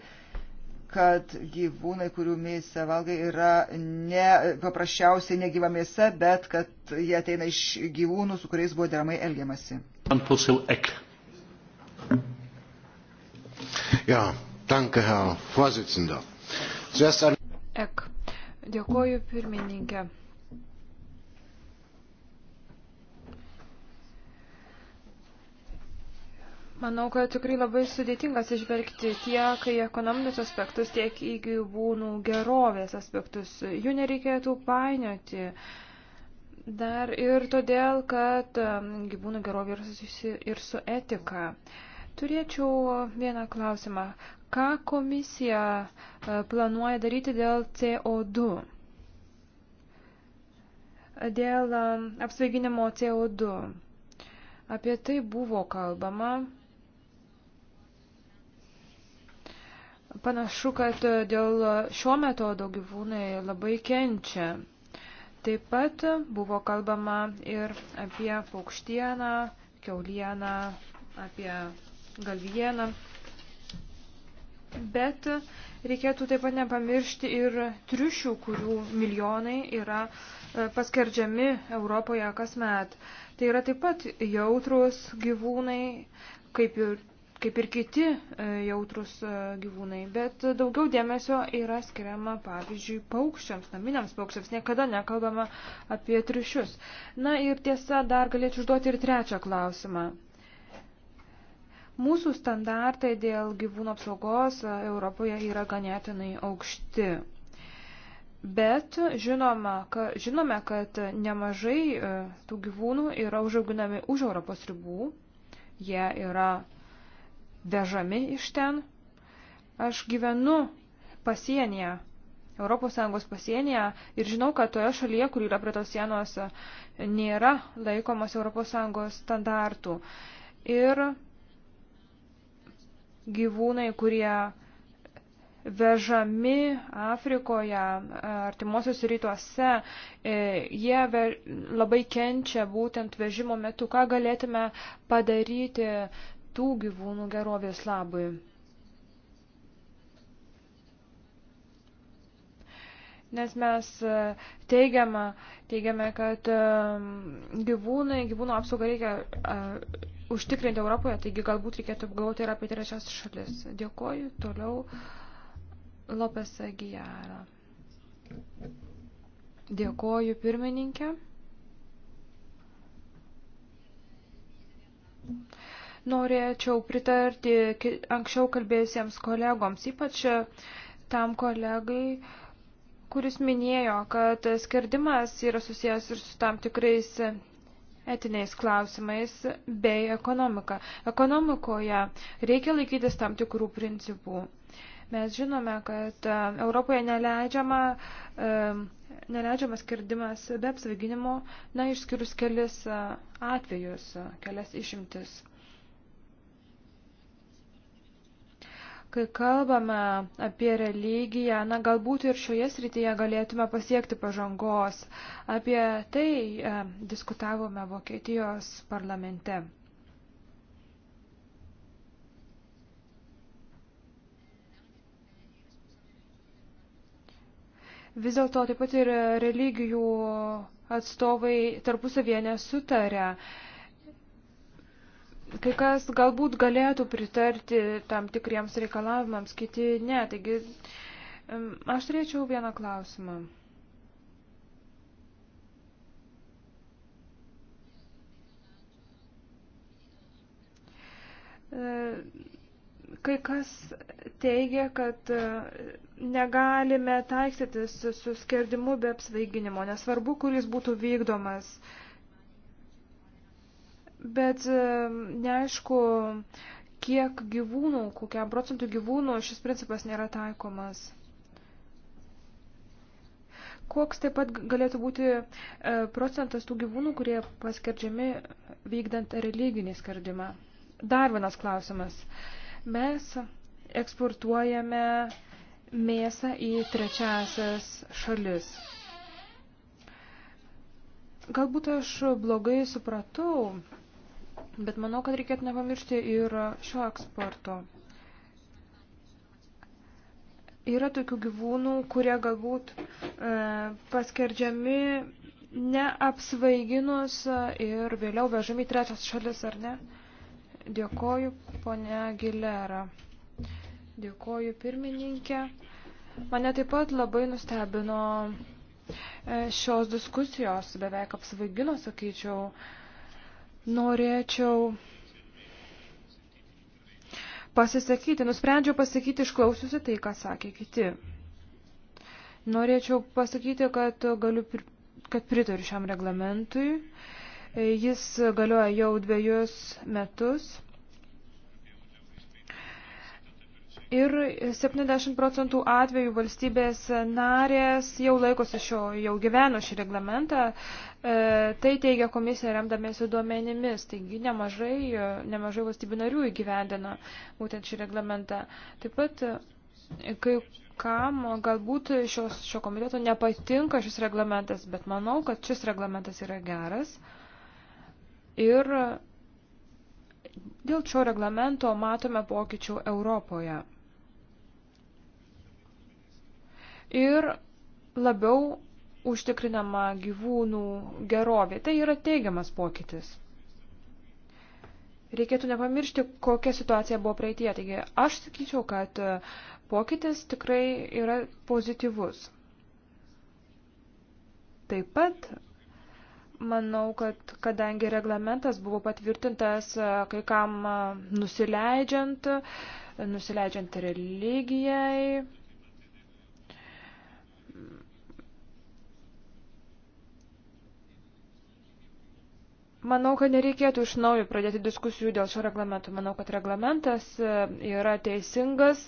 kad gyvūnai, kurių mėsą valgai, yra ne, paprasčiausiai negyva mėsa, bet kad jie ateina iš gyvūnų, su kuriais buvo deramai elgiamasi. Ja, danke, Herr Vorsitzender. Zuerst an... Ek. Dėkuoju, pirmininkė. Manau, kad tikrai labai sudėtingas išvelgti tiek į ekonominius aspektus, tiek į gyvūnų gerovės aspektus. Jų nereikėtų painioti. Dar ir todėl, kad um, gyvūnų gerovė yra susijusi ir su etika. Turėčiau vieną klausimą. Ką komisija uh, planuoja daryti dėl CO2? Dėl um, apsvaiginimo CO2. Apie tai buvo kalbama Panašu, kad e, dėl šio metodo gyvūnai labai kenčia. Taip pat buvo kalbama ir apie paukštieną, keulieną, apie galvieną. Bet reikėtų taip pat nepamiršti ir triušių, kurių milijonai yra e, paskerdžiami Europoje kasmet. Tai yra taip pat jautrus gyvūnai, kaip ir kaip ir kiti e, jautrus e, gyvūnai, bet daugiau dėmesio yra skiriama, pavyzdžiui, paukščiams, naminiams paukščiams, niekada nekalbama apie triušius. Na ir tiesa, dar galėčiau užduoti ir trečią klausimą. Mūsų standartai dėl gyvūnų apsaugos e, Europoje yra ganėtinai aukšti. Bet žinoma, ka, žinome, kad nemažai tų gyvūnų yra užauginami už Europos ribų. Jie yra vežami iš ten. Aš gyvenu pasienyje, ES pasienyje ir žinau, kad toje šalyje, kur yra prie tos sienos, nėra laikomas ES standartų. Ir gyvūnai, kurie vežami Afrikoje, artimuosiuose rytuose, e, jie labai kenčia būtent vežimo metu. Ką galėtume padaryti tų gyvūnų gerovės labui. Nes mes e, teigiame, teigiame kad e, gyvūnai, gyvūnų apsaugą reikia uh, užtikrinti Europoje, taigi galbūt reikėtų apgalvoti ir apie trečias šalis. Dėkoju, toliau Lopes Agijara. Dėkoju pirmininkė. Thank you. Norėčiau pritarti anksčiau kalbėjusiems kolegoms, ypač tam kolegai, kuris minėjo, kad skirdimas yra susijęs ir su tam tikrais etiniais klausimais bei ekonomika. Ekonomikoje reikia laikytis tam tikrų principų. Mes žinome, kad e, Europoje neleidžiama, e, neleidžiama skirdimas be apsvaiginimo, na, išskyrus kelis e, atvejus, kelias išimtis. Kai kalbame apie religiją, na galbūt ir šioje srityje galėtume pasiekti pažangos. Apie tai e, diskutavome Vokietijos parlamente. Vis dėlto taip pat ir religijų atstovai tarpusavie nesutarė. E, Kai kas galbūt galėtų pritarti tam tikriems reikalavimams, kiti ne. Taigi, aš turėčiau vieną klausimą. E, kai kas teigia, kad e, negalime taikstytis su skerdimu be apsvaiginimo, nesvarbu, kuris būtų vykdomas. Uh, bet e, neaišku, kiek gyvūnų, kokiam procentų gyvūnų šis principas nėra taikomas. Koks taip pat galėtų būti e, procentas tų gyvūnų, kurie paskerdžiami vykdant religinį skardimą? Dar vienas klausimas. Mes eksportuojame mėsą į trečiasias šalis. Galbūt aš blogai supratau, Bet manau, kad reikėtų nepamiršti ir šio eksporto. Yra tokių gyvūnų, kurie galbūt e, paskerdžiami neapsvaiginus ir vėliau vežami trečias šalis, ar ne? Dėkoju, ponia Gilera. Dėkoju, pirmininkė. Mane taip pat labai nustebino e, šios diskusijos, beveik apsvaigino, sakyčiau. E, Norėčiau pasisakyti, nusprendžiau pasakyti išklausiusi tai, ką sakė kiti. Norėčiau pasakyti, kad, galiu, kad pritariu šiam reglamentui. Jis galioja jau dviejus metus. Ir 70 procentų atvejų valstybės narės jau laikosi šio, jau gyveno šį reglamentą, E, tai teigia komisija remdamėsi duomenimis, taigi nemažai, e, nemažai valstybių narių įgyvendina būtent šį reglamentą. Taip pat e, kai kam galbūt šios, šio komiteto nepatinka šis reglamentas, bet manau, kad šis reglamentas yra geras. Ir dėl šio reglamento matome pokyčių Europoje. Ir labiau užtikrinama gyvūnų gerovė. Tai yra teigiamas pokytis. Reikėtų nepamiršti, kokia situacija buvo praeitie. Taigi aš sakyčiau, kad e, pokytis tikrai yra pozityvus. Taip pat manau, kad kadangi reglamentas buvo patvirtintas e, kai kam e, nusileidžiant, nusileidžiant religijai, Manau, kad nereikėtų iš naujo pradėti diskusijų dėl šio reglamento. Manau, kad reglamentas e, yra teisingas.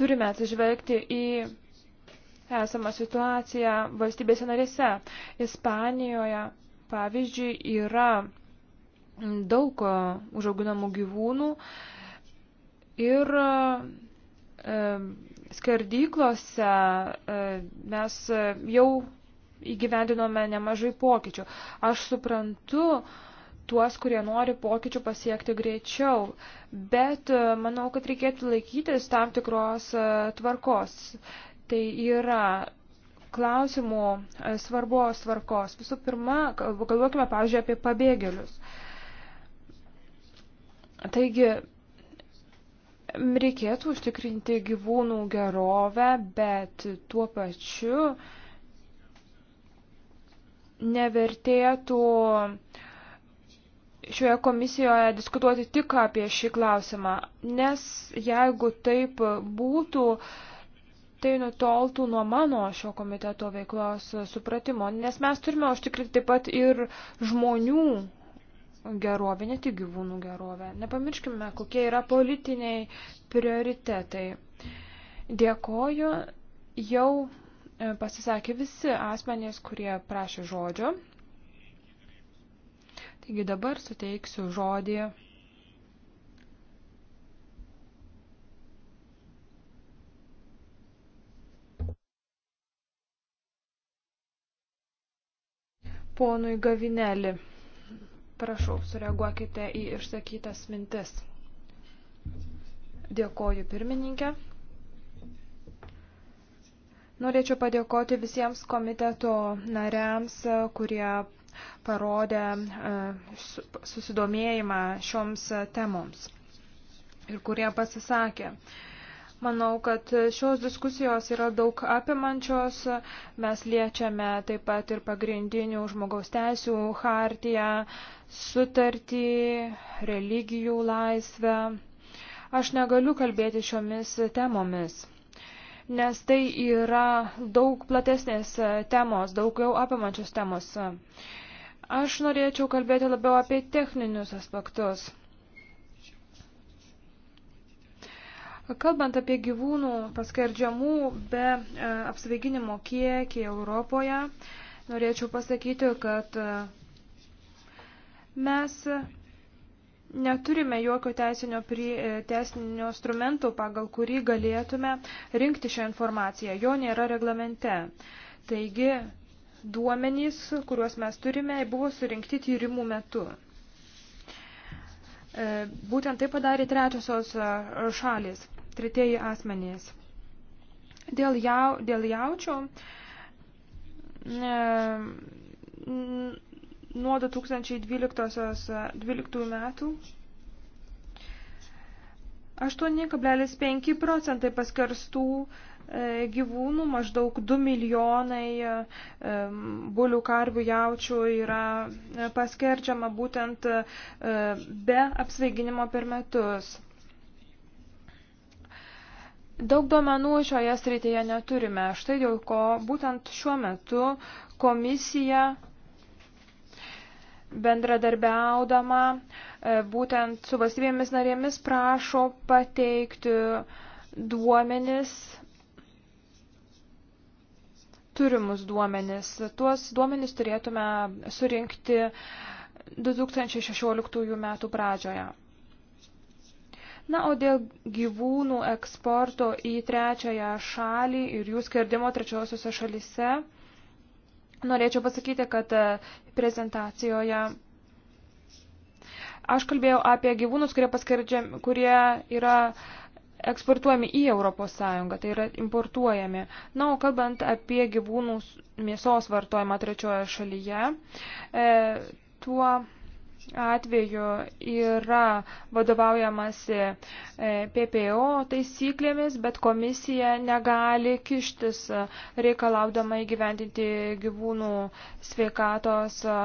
Turime atsižvelgti į esamą situaciją valstybėse narėse. Ispanijoje, pavyzdžiui, yra daug e, užauginamų gyvūnų ir e, skardyklose mes jau įgyvendinome nemažai pokyčių. Aš suprantu tuos, kurie nori pokyčių pasiekti greičiau, bet e, manau, kad reikėtų laikytis tam tikros e, tvarkos. Tai yra klausimų e, svarbos tvarkos. Visų pirma, galvokime, pavyzdžiui, apie pabėgėlius. Taigi, reikėtų užtikrinti gyvūnų gerovę, bet tuo pačiu uh, nevertėtų šioje komisijoje diskutuoti tik apie šį klausimą, nes jeigu taip būtų, tai nutoltų nuo mano šio komiteto veiklos supratimo, nes mes turime užtikrinti taip pat ir žmonių gerovę, ne tik gyvūnų gerovę. Nepamirškime, kokie yra politiniai prioritetai. Dėkoju, jau pasisakė visi asmenys, kurie prašė žodžio. Taigi dabar suteiksiu žodį ponui Gavinelį. Prašau, sureaguokite į išsakytas mintis. Dėkoju pirmininkė. Norėčiau padėkoti visiems komiteto nariams, kurie parodė e, susidomėjimą šioms temoms ir kurie pasisakė. Manau, kad šios diskusijos yra daug apimančios. Mes liečiame taip pat ir pagrindinių žmogaus teisų hartiją, sutartį, religijų laisvę. Aš negaliu kalbėti šiomis temomis nes tai yra daug platesnės temos, daugiau apimančios temos. Aš norėčiau kalbėti labiau apie techninius aspektus. Kalbant apie gyvūnų paskerdžiamų be e, apsvaiginimo kiekį Europoje, norėčiau pasakyti, kad e, mes neturime jokio teisinio, prie, teisinio instrumentų, pagal kurį galėtume rinkti šią informaciją. Jo nėra reglamente. Taigi, duomenys, kuriuos mes turime, buvo surinkti tyrimų metu. E, būtent tai padarė trečiosios e, šalis, tretieji asmenys. Dėl, jau, dėl jaučio ne, nuo 2012 e, metų 8,5 procentai paskarstų e, gyvūnų, maždaug 2 milijonai e, bulių karvių jaučių yra paskerdžiama būtent be apsvaiginimo per metus. Daug duomenų šioje srityje neturime. Štai dėl ko būtent šiuo metu komisija bendradarbiaudama e, būtent su valstybėmis narėmis prašo pateikti duomenis, turimus duomenis. Tuos duomenis turėtume surinkti 2016 metų pradžioje. Na, o dėl gyvūnų eksporto į trečiąją šalį ir jų skerdimo trečiosiuose šalise Norėčiau pasakyti, kad e, prezentacijoje aš kalbėjau apie gyvūnus, kurie, kurie yra eksportuojami į Europos Sąjungą, tai yra importuojami. Na, o kalbant apie gyvūnų mėsos vartojimą trečioje šalyje, e, tuo atveju yra vadovaujamasi e, PPO taisyklėmis, bet komisija negali kištis e, reikalaudama įgyvendinti gyvūnų sveikatos e,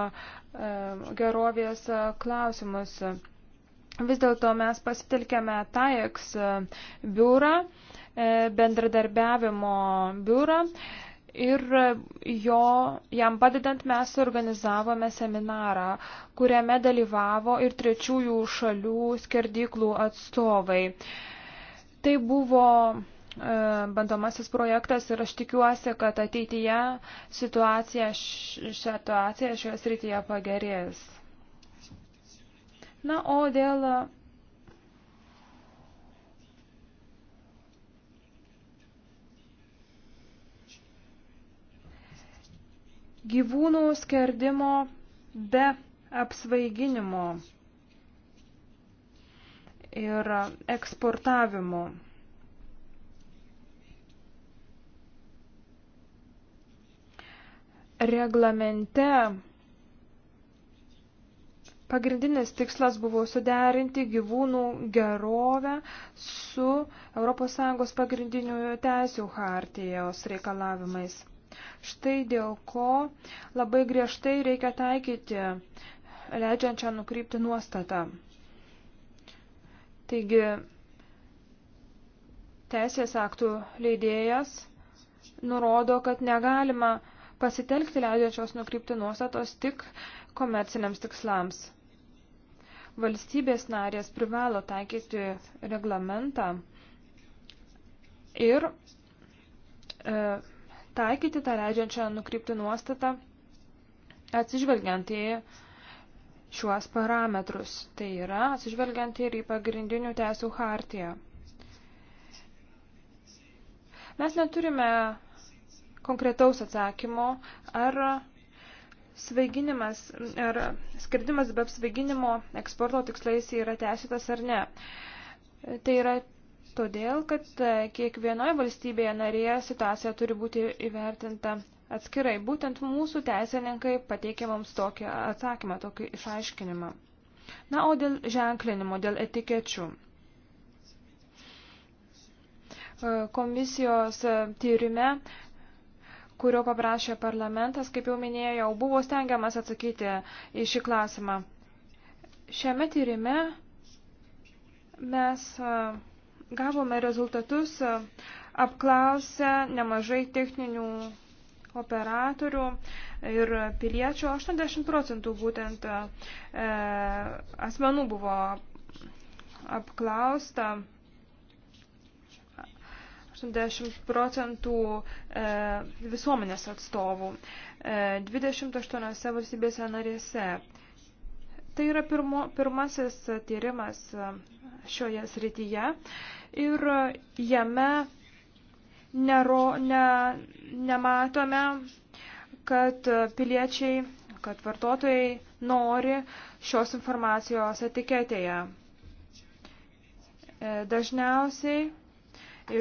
gerovės klausimus. Vis dėlto mes pasitelkėme TAEX biurą, bendradarbiavimo biurą ir e, jo, jam padedant mes organizavome seminarą, kuriame dalyvavo ir trečiųjų šalių skerdyklų atstovai. Tai buvo e, bandomasis projektas ir aš tikiuosi, kad ateityje situacija, situacija šioje srityje pagerės. Na, o dėl gyvūnų skerdimo be apsvaiginimo ir eksportavimo. Reglamente pagrindinis tikslas buvo suderinti gyvūnų gerovę su ES pagrindinių teisių hartijos reikalavimais. Štai dėl ko labai griežtai reikia taikyti leidžiančią nukrypti nuostatą. Taigi, teisės aktų leidėjas nurodo, kad negalima pasitelkti leidžiančios nukrypti nuostatos tik komerciniams tikslams. Valstybės narės privalo taikyti reglamentą ir e, taikyti tą leidžiančią nukrypti nuostatą, atsižvelgiant į šiuos parametrus, tai yra atsižvelgiant ir į pagrindinių teisų hartiją. Mes neturime konkretaus atsakymo, ar svaiginimas ar skirdimas be apsvaiginimo eksporto tikslais yra teisėtas ar ne. Tai yra Todėl, kad e, kiekvienoje valstybėje narėje situacija turi būti įvertinta atskirai. Būtent mūsų teisininkai pateikė mums tokį atsakymą, tokį išaiškinimą. Na, o dėl ženklinimo, dėl etikečių. E, komisijos e, tyrime kurio paprašė parlamentas, kaip jau minėjau, buvo stengiamas atsakyti į šį klausimą. Šiame tyrime mes Gavome rezultatus e, apklausę nemažai techninių operatorių ir piliečių. 80 procentų būtent e, asmenų buvo apklausta. 80 procentų e, visuomenės atstovų e, 28 valstybėse narėse. Tai yra pirmo, pirmasis tyrimas šioje srityje ir jame nero, ne, nematome, kad piliečiai, kad vartotojai nori šios informacijos etiketėje. E, dažniausiai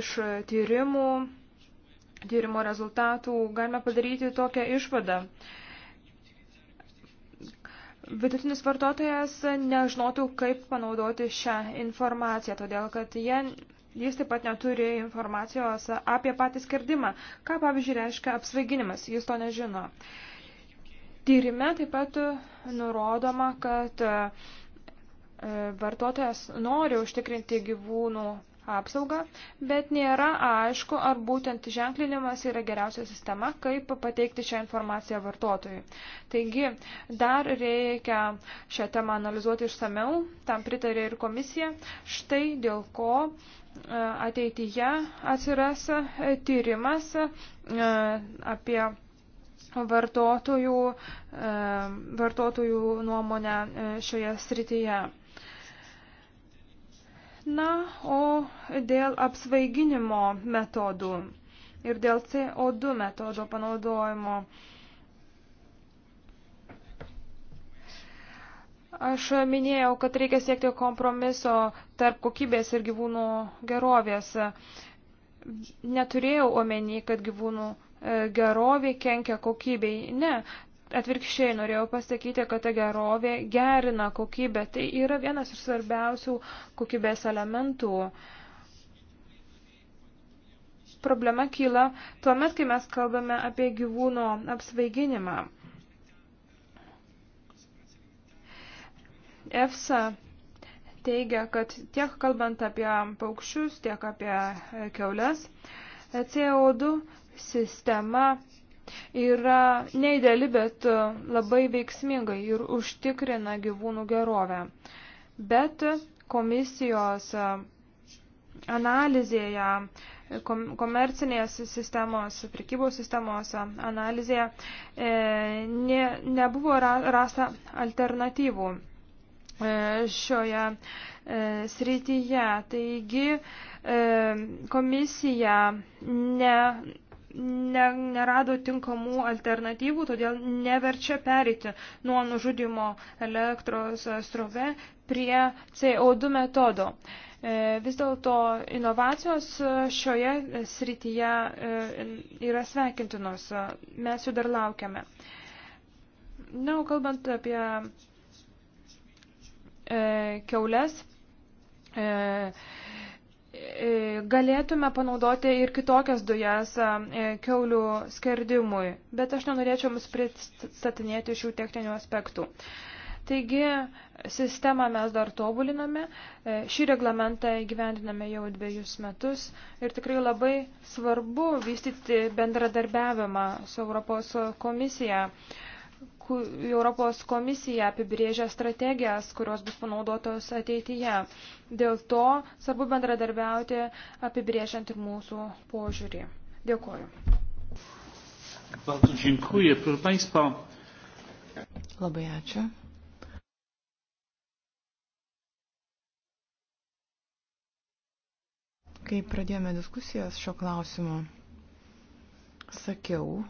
iš tyrimų, tyrimo rezultatų galime padaryti tokią išvadą, vidutinis vartotojas nežinotų, kaip panaudoti šią informaciją, todėl kad jie, jis taip pat neturi informacijos apie patį skerdimą. Ką, pavyzdžiui, reiškia apsvaiginimas, jis to nežino. Tyrime taip pat nurodoma, kad e, vartotojas nori užtikrinti gyvūnų apsaugą, bet nėra aišku, ar būtent ženklinimas yra geriausia sistema, kaip pateikti šią informaciją vartotojui. Taigi, dar reikia šią temą analizuoti išsameu, tam pritarė ir komisija, štai dėl ko e, ateityje atsiras e, tyrimas e, apie vartotojų, vartotojų nuomonę šioje srityje. Na, o dėl apsvaiginimo metodų ir dėl CO2 metodo panaudojimo. Aš minėjau, kad reikia siekti kompromiso tarp kokybės ir gyvūnų gerovės. Neturėjau omeny, kad gyvūnų e, gerovė kenkia kokybei. Ne, atvirkščiai norėjau pasakyti, kad ta gerovė gerina kokybę. Tai yra vienas iš svarbiausių kokybės elementų. Problema kyla tuomet, kai mes kalbame apie gyvūno apsvaiginimą. EFSA teigia, kad tiek kalbant apie paukščius, tiek apie keules, CO2 sistema yra neideli, bet e, labai veiksmingai ir užtikrina gyvūnų gerovę. Bet komisijos e, analizėje, komercinės sistemos, prikybos sistemos analizėje e, ne, nebuvo rasta alternatyvų šioje srityje. Taigi komisija ne, ne, nerado tinkamų alternatyvų, todėl neverčia perėti nuo nužudimo elektros strove prie CO2 metodo. E, vis dėlto inovacijos šioje srityje e, yra sveikintinos, mes jų dar laukiame. Na, o kalbant apie e, keulės, e, E, galėtume panaudoti ir kitokias dujas e, e, keulių skerdimui, bet aš nenorėčiau jums pristatinėti šių techninių aspektų. Taigi, sistemą mes dar tobuliname, šį reglamentą įgyvendiname jau dviejus metus ir tikrai labai svarbu vystyti bendradarbiavimą su Europos komisija. Europos komisija apibrėžia strategijas, kurios bus panaudotos ateityje. Dėl to svarbu bendradarbiauti apibrėžiant ir mūsų požiūrį. Dėkuoju. Bardzo dziękuję. Proszę Państwa. Labai ačiū. Kai pradėjome diskusijas šio klausimu, sakiau,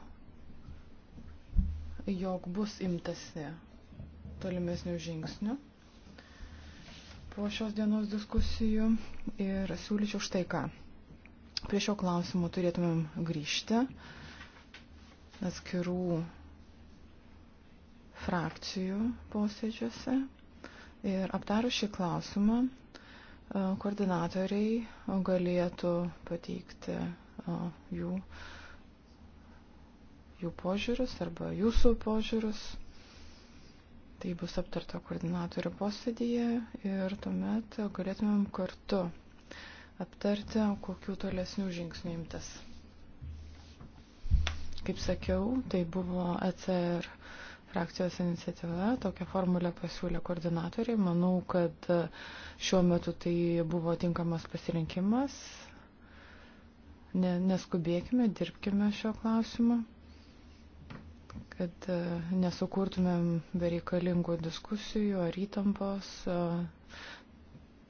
jog bus imtasi tolimesnių žingsnių po šios dienos diskusijų ir siūlyčiau štai ką. Prie šio klausimo turėtumėm grįžti atskirų frakcijų posėdžiuose ir aptarus šį klausimą e, koordinatoriai galėtų pateikti e, jų uh, jų požiūrius arba jūsų požiūrius. Tai bus aptarta koordinatorių posėdėje ir tuomet galėtumėm kartu aptarti, kokiu tolesnių žingsnių imtas. Kaip sakiau, tai buvo ECR frakcijos iniciatyva, tokią formulę pasiūlė koordinatoriai. Manau, kad šiuo metu tai buvo tinkamas pasirinkimas. Ne, neskubėkime, dirbkime šio klausimu kad e, nesukurtumėm bereikalingų diskusijų ar įtampos. E,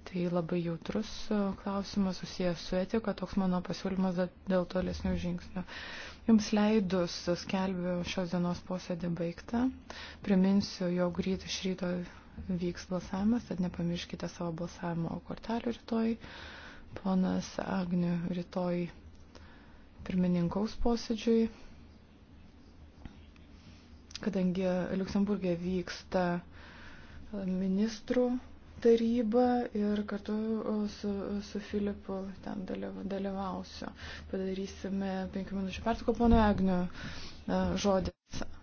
tai labai jautrus e, klausimas susijęs su etika, toks mano pasiūlymas dėl tolesnių žingsnių. Jums leidus skelbiu šios dienos posėdį baigtą. Priminsiu, jog ryt iš ryto vyks balsavimas, tad nepamirškite savo balsavimo kortelių rytoj. Ponas Agniu rytoj pirmininkaus posėdžiui kadangi Luksemburgė vyksta ministrų taryba ir kartu su, su Filipu ten dalyvausiu. Padarysime penkių minučių pertrauką, pono Agniu e, žodį.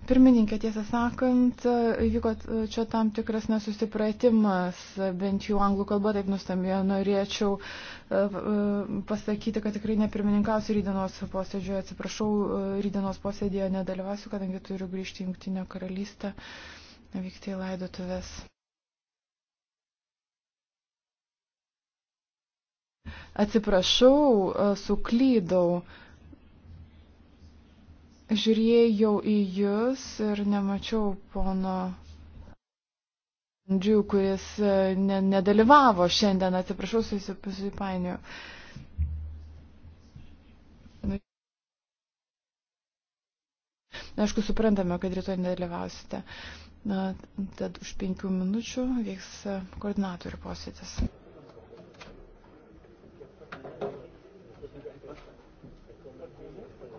Pirmininkė, tiesą sakant, vyko čia tam tikras nesusipratimas, bent jau anglų kalba taip nustambėjo. Norėčiau e, e, pasakyti, kad tikrai nepirmininkausiu rydienos posėdžioje. Atsiprašau, e, rydienos posėdėje nedalyvausiu, kadangi turiu grįžti į Junktinę karalystę, vykti į laidotuvės. Atsiprašau, suklydau. Žiūrėjau į jūs ir nemačiau pono Andžių, kuris e, ne, nedalyvavo šiandien, atsiprašau, susipainiu. Nu, aišku, suprantame, kad rytoj nedalyvausite. Na, tad už penkių minučių vyks koordinatorių posėdis.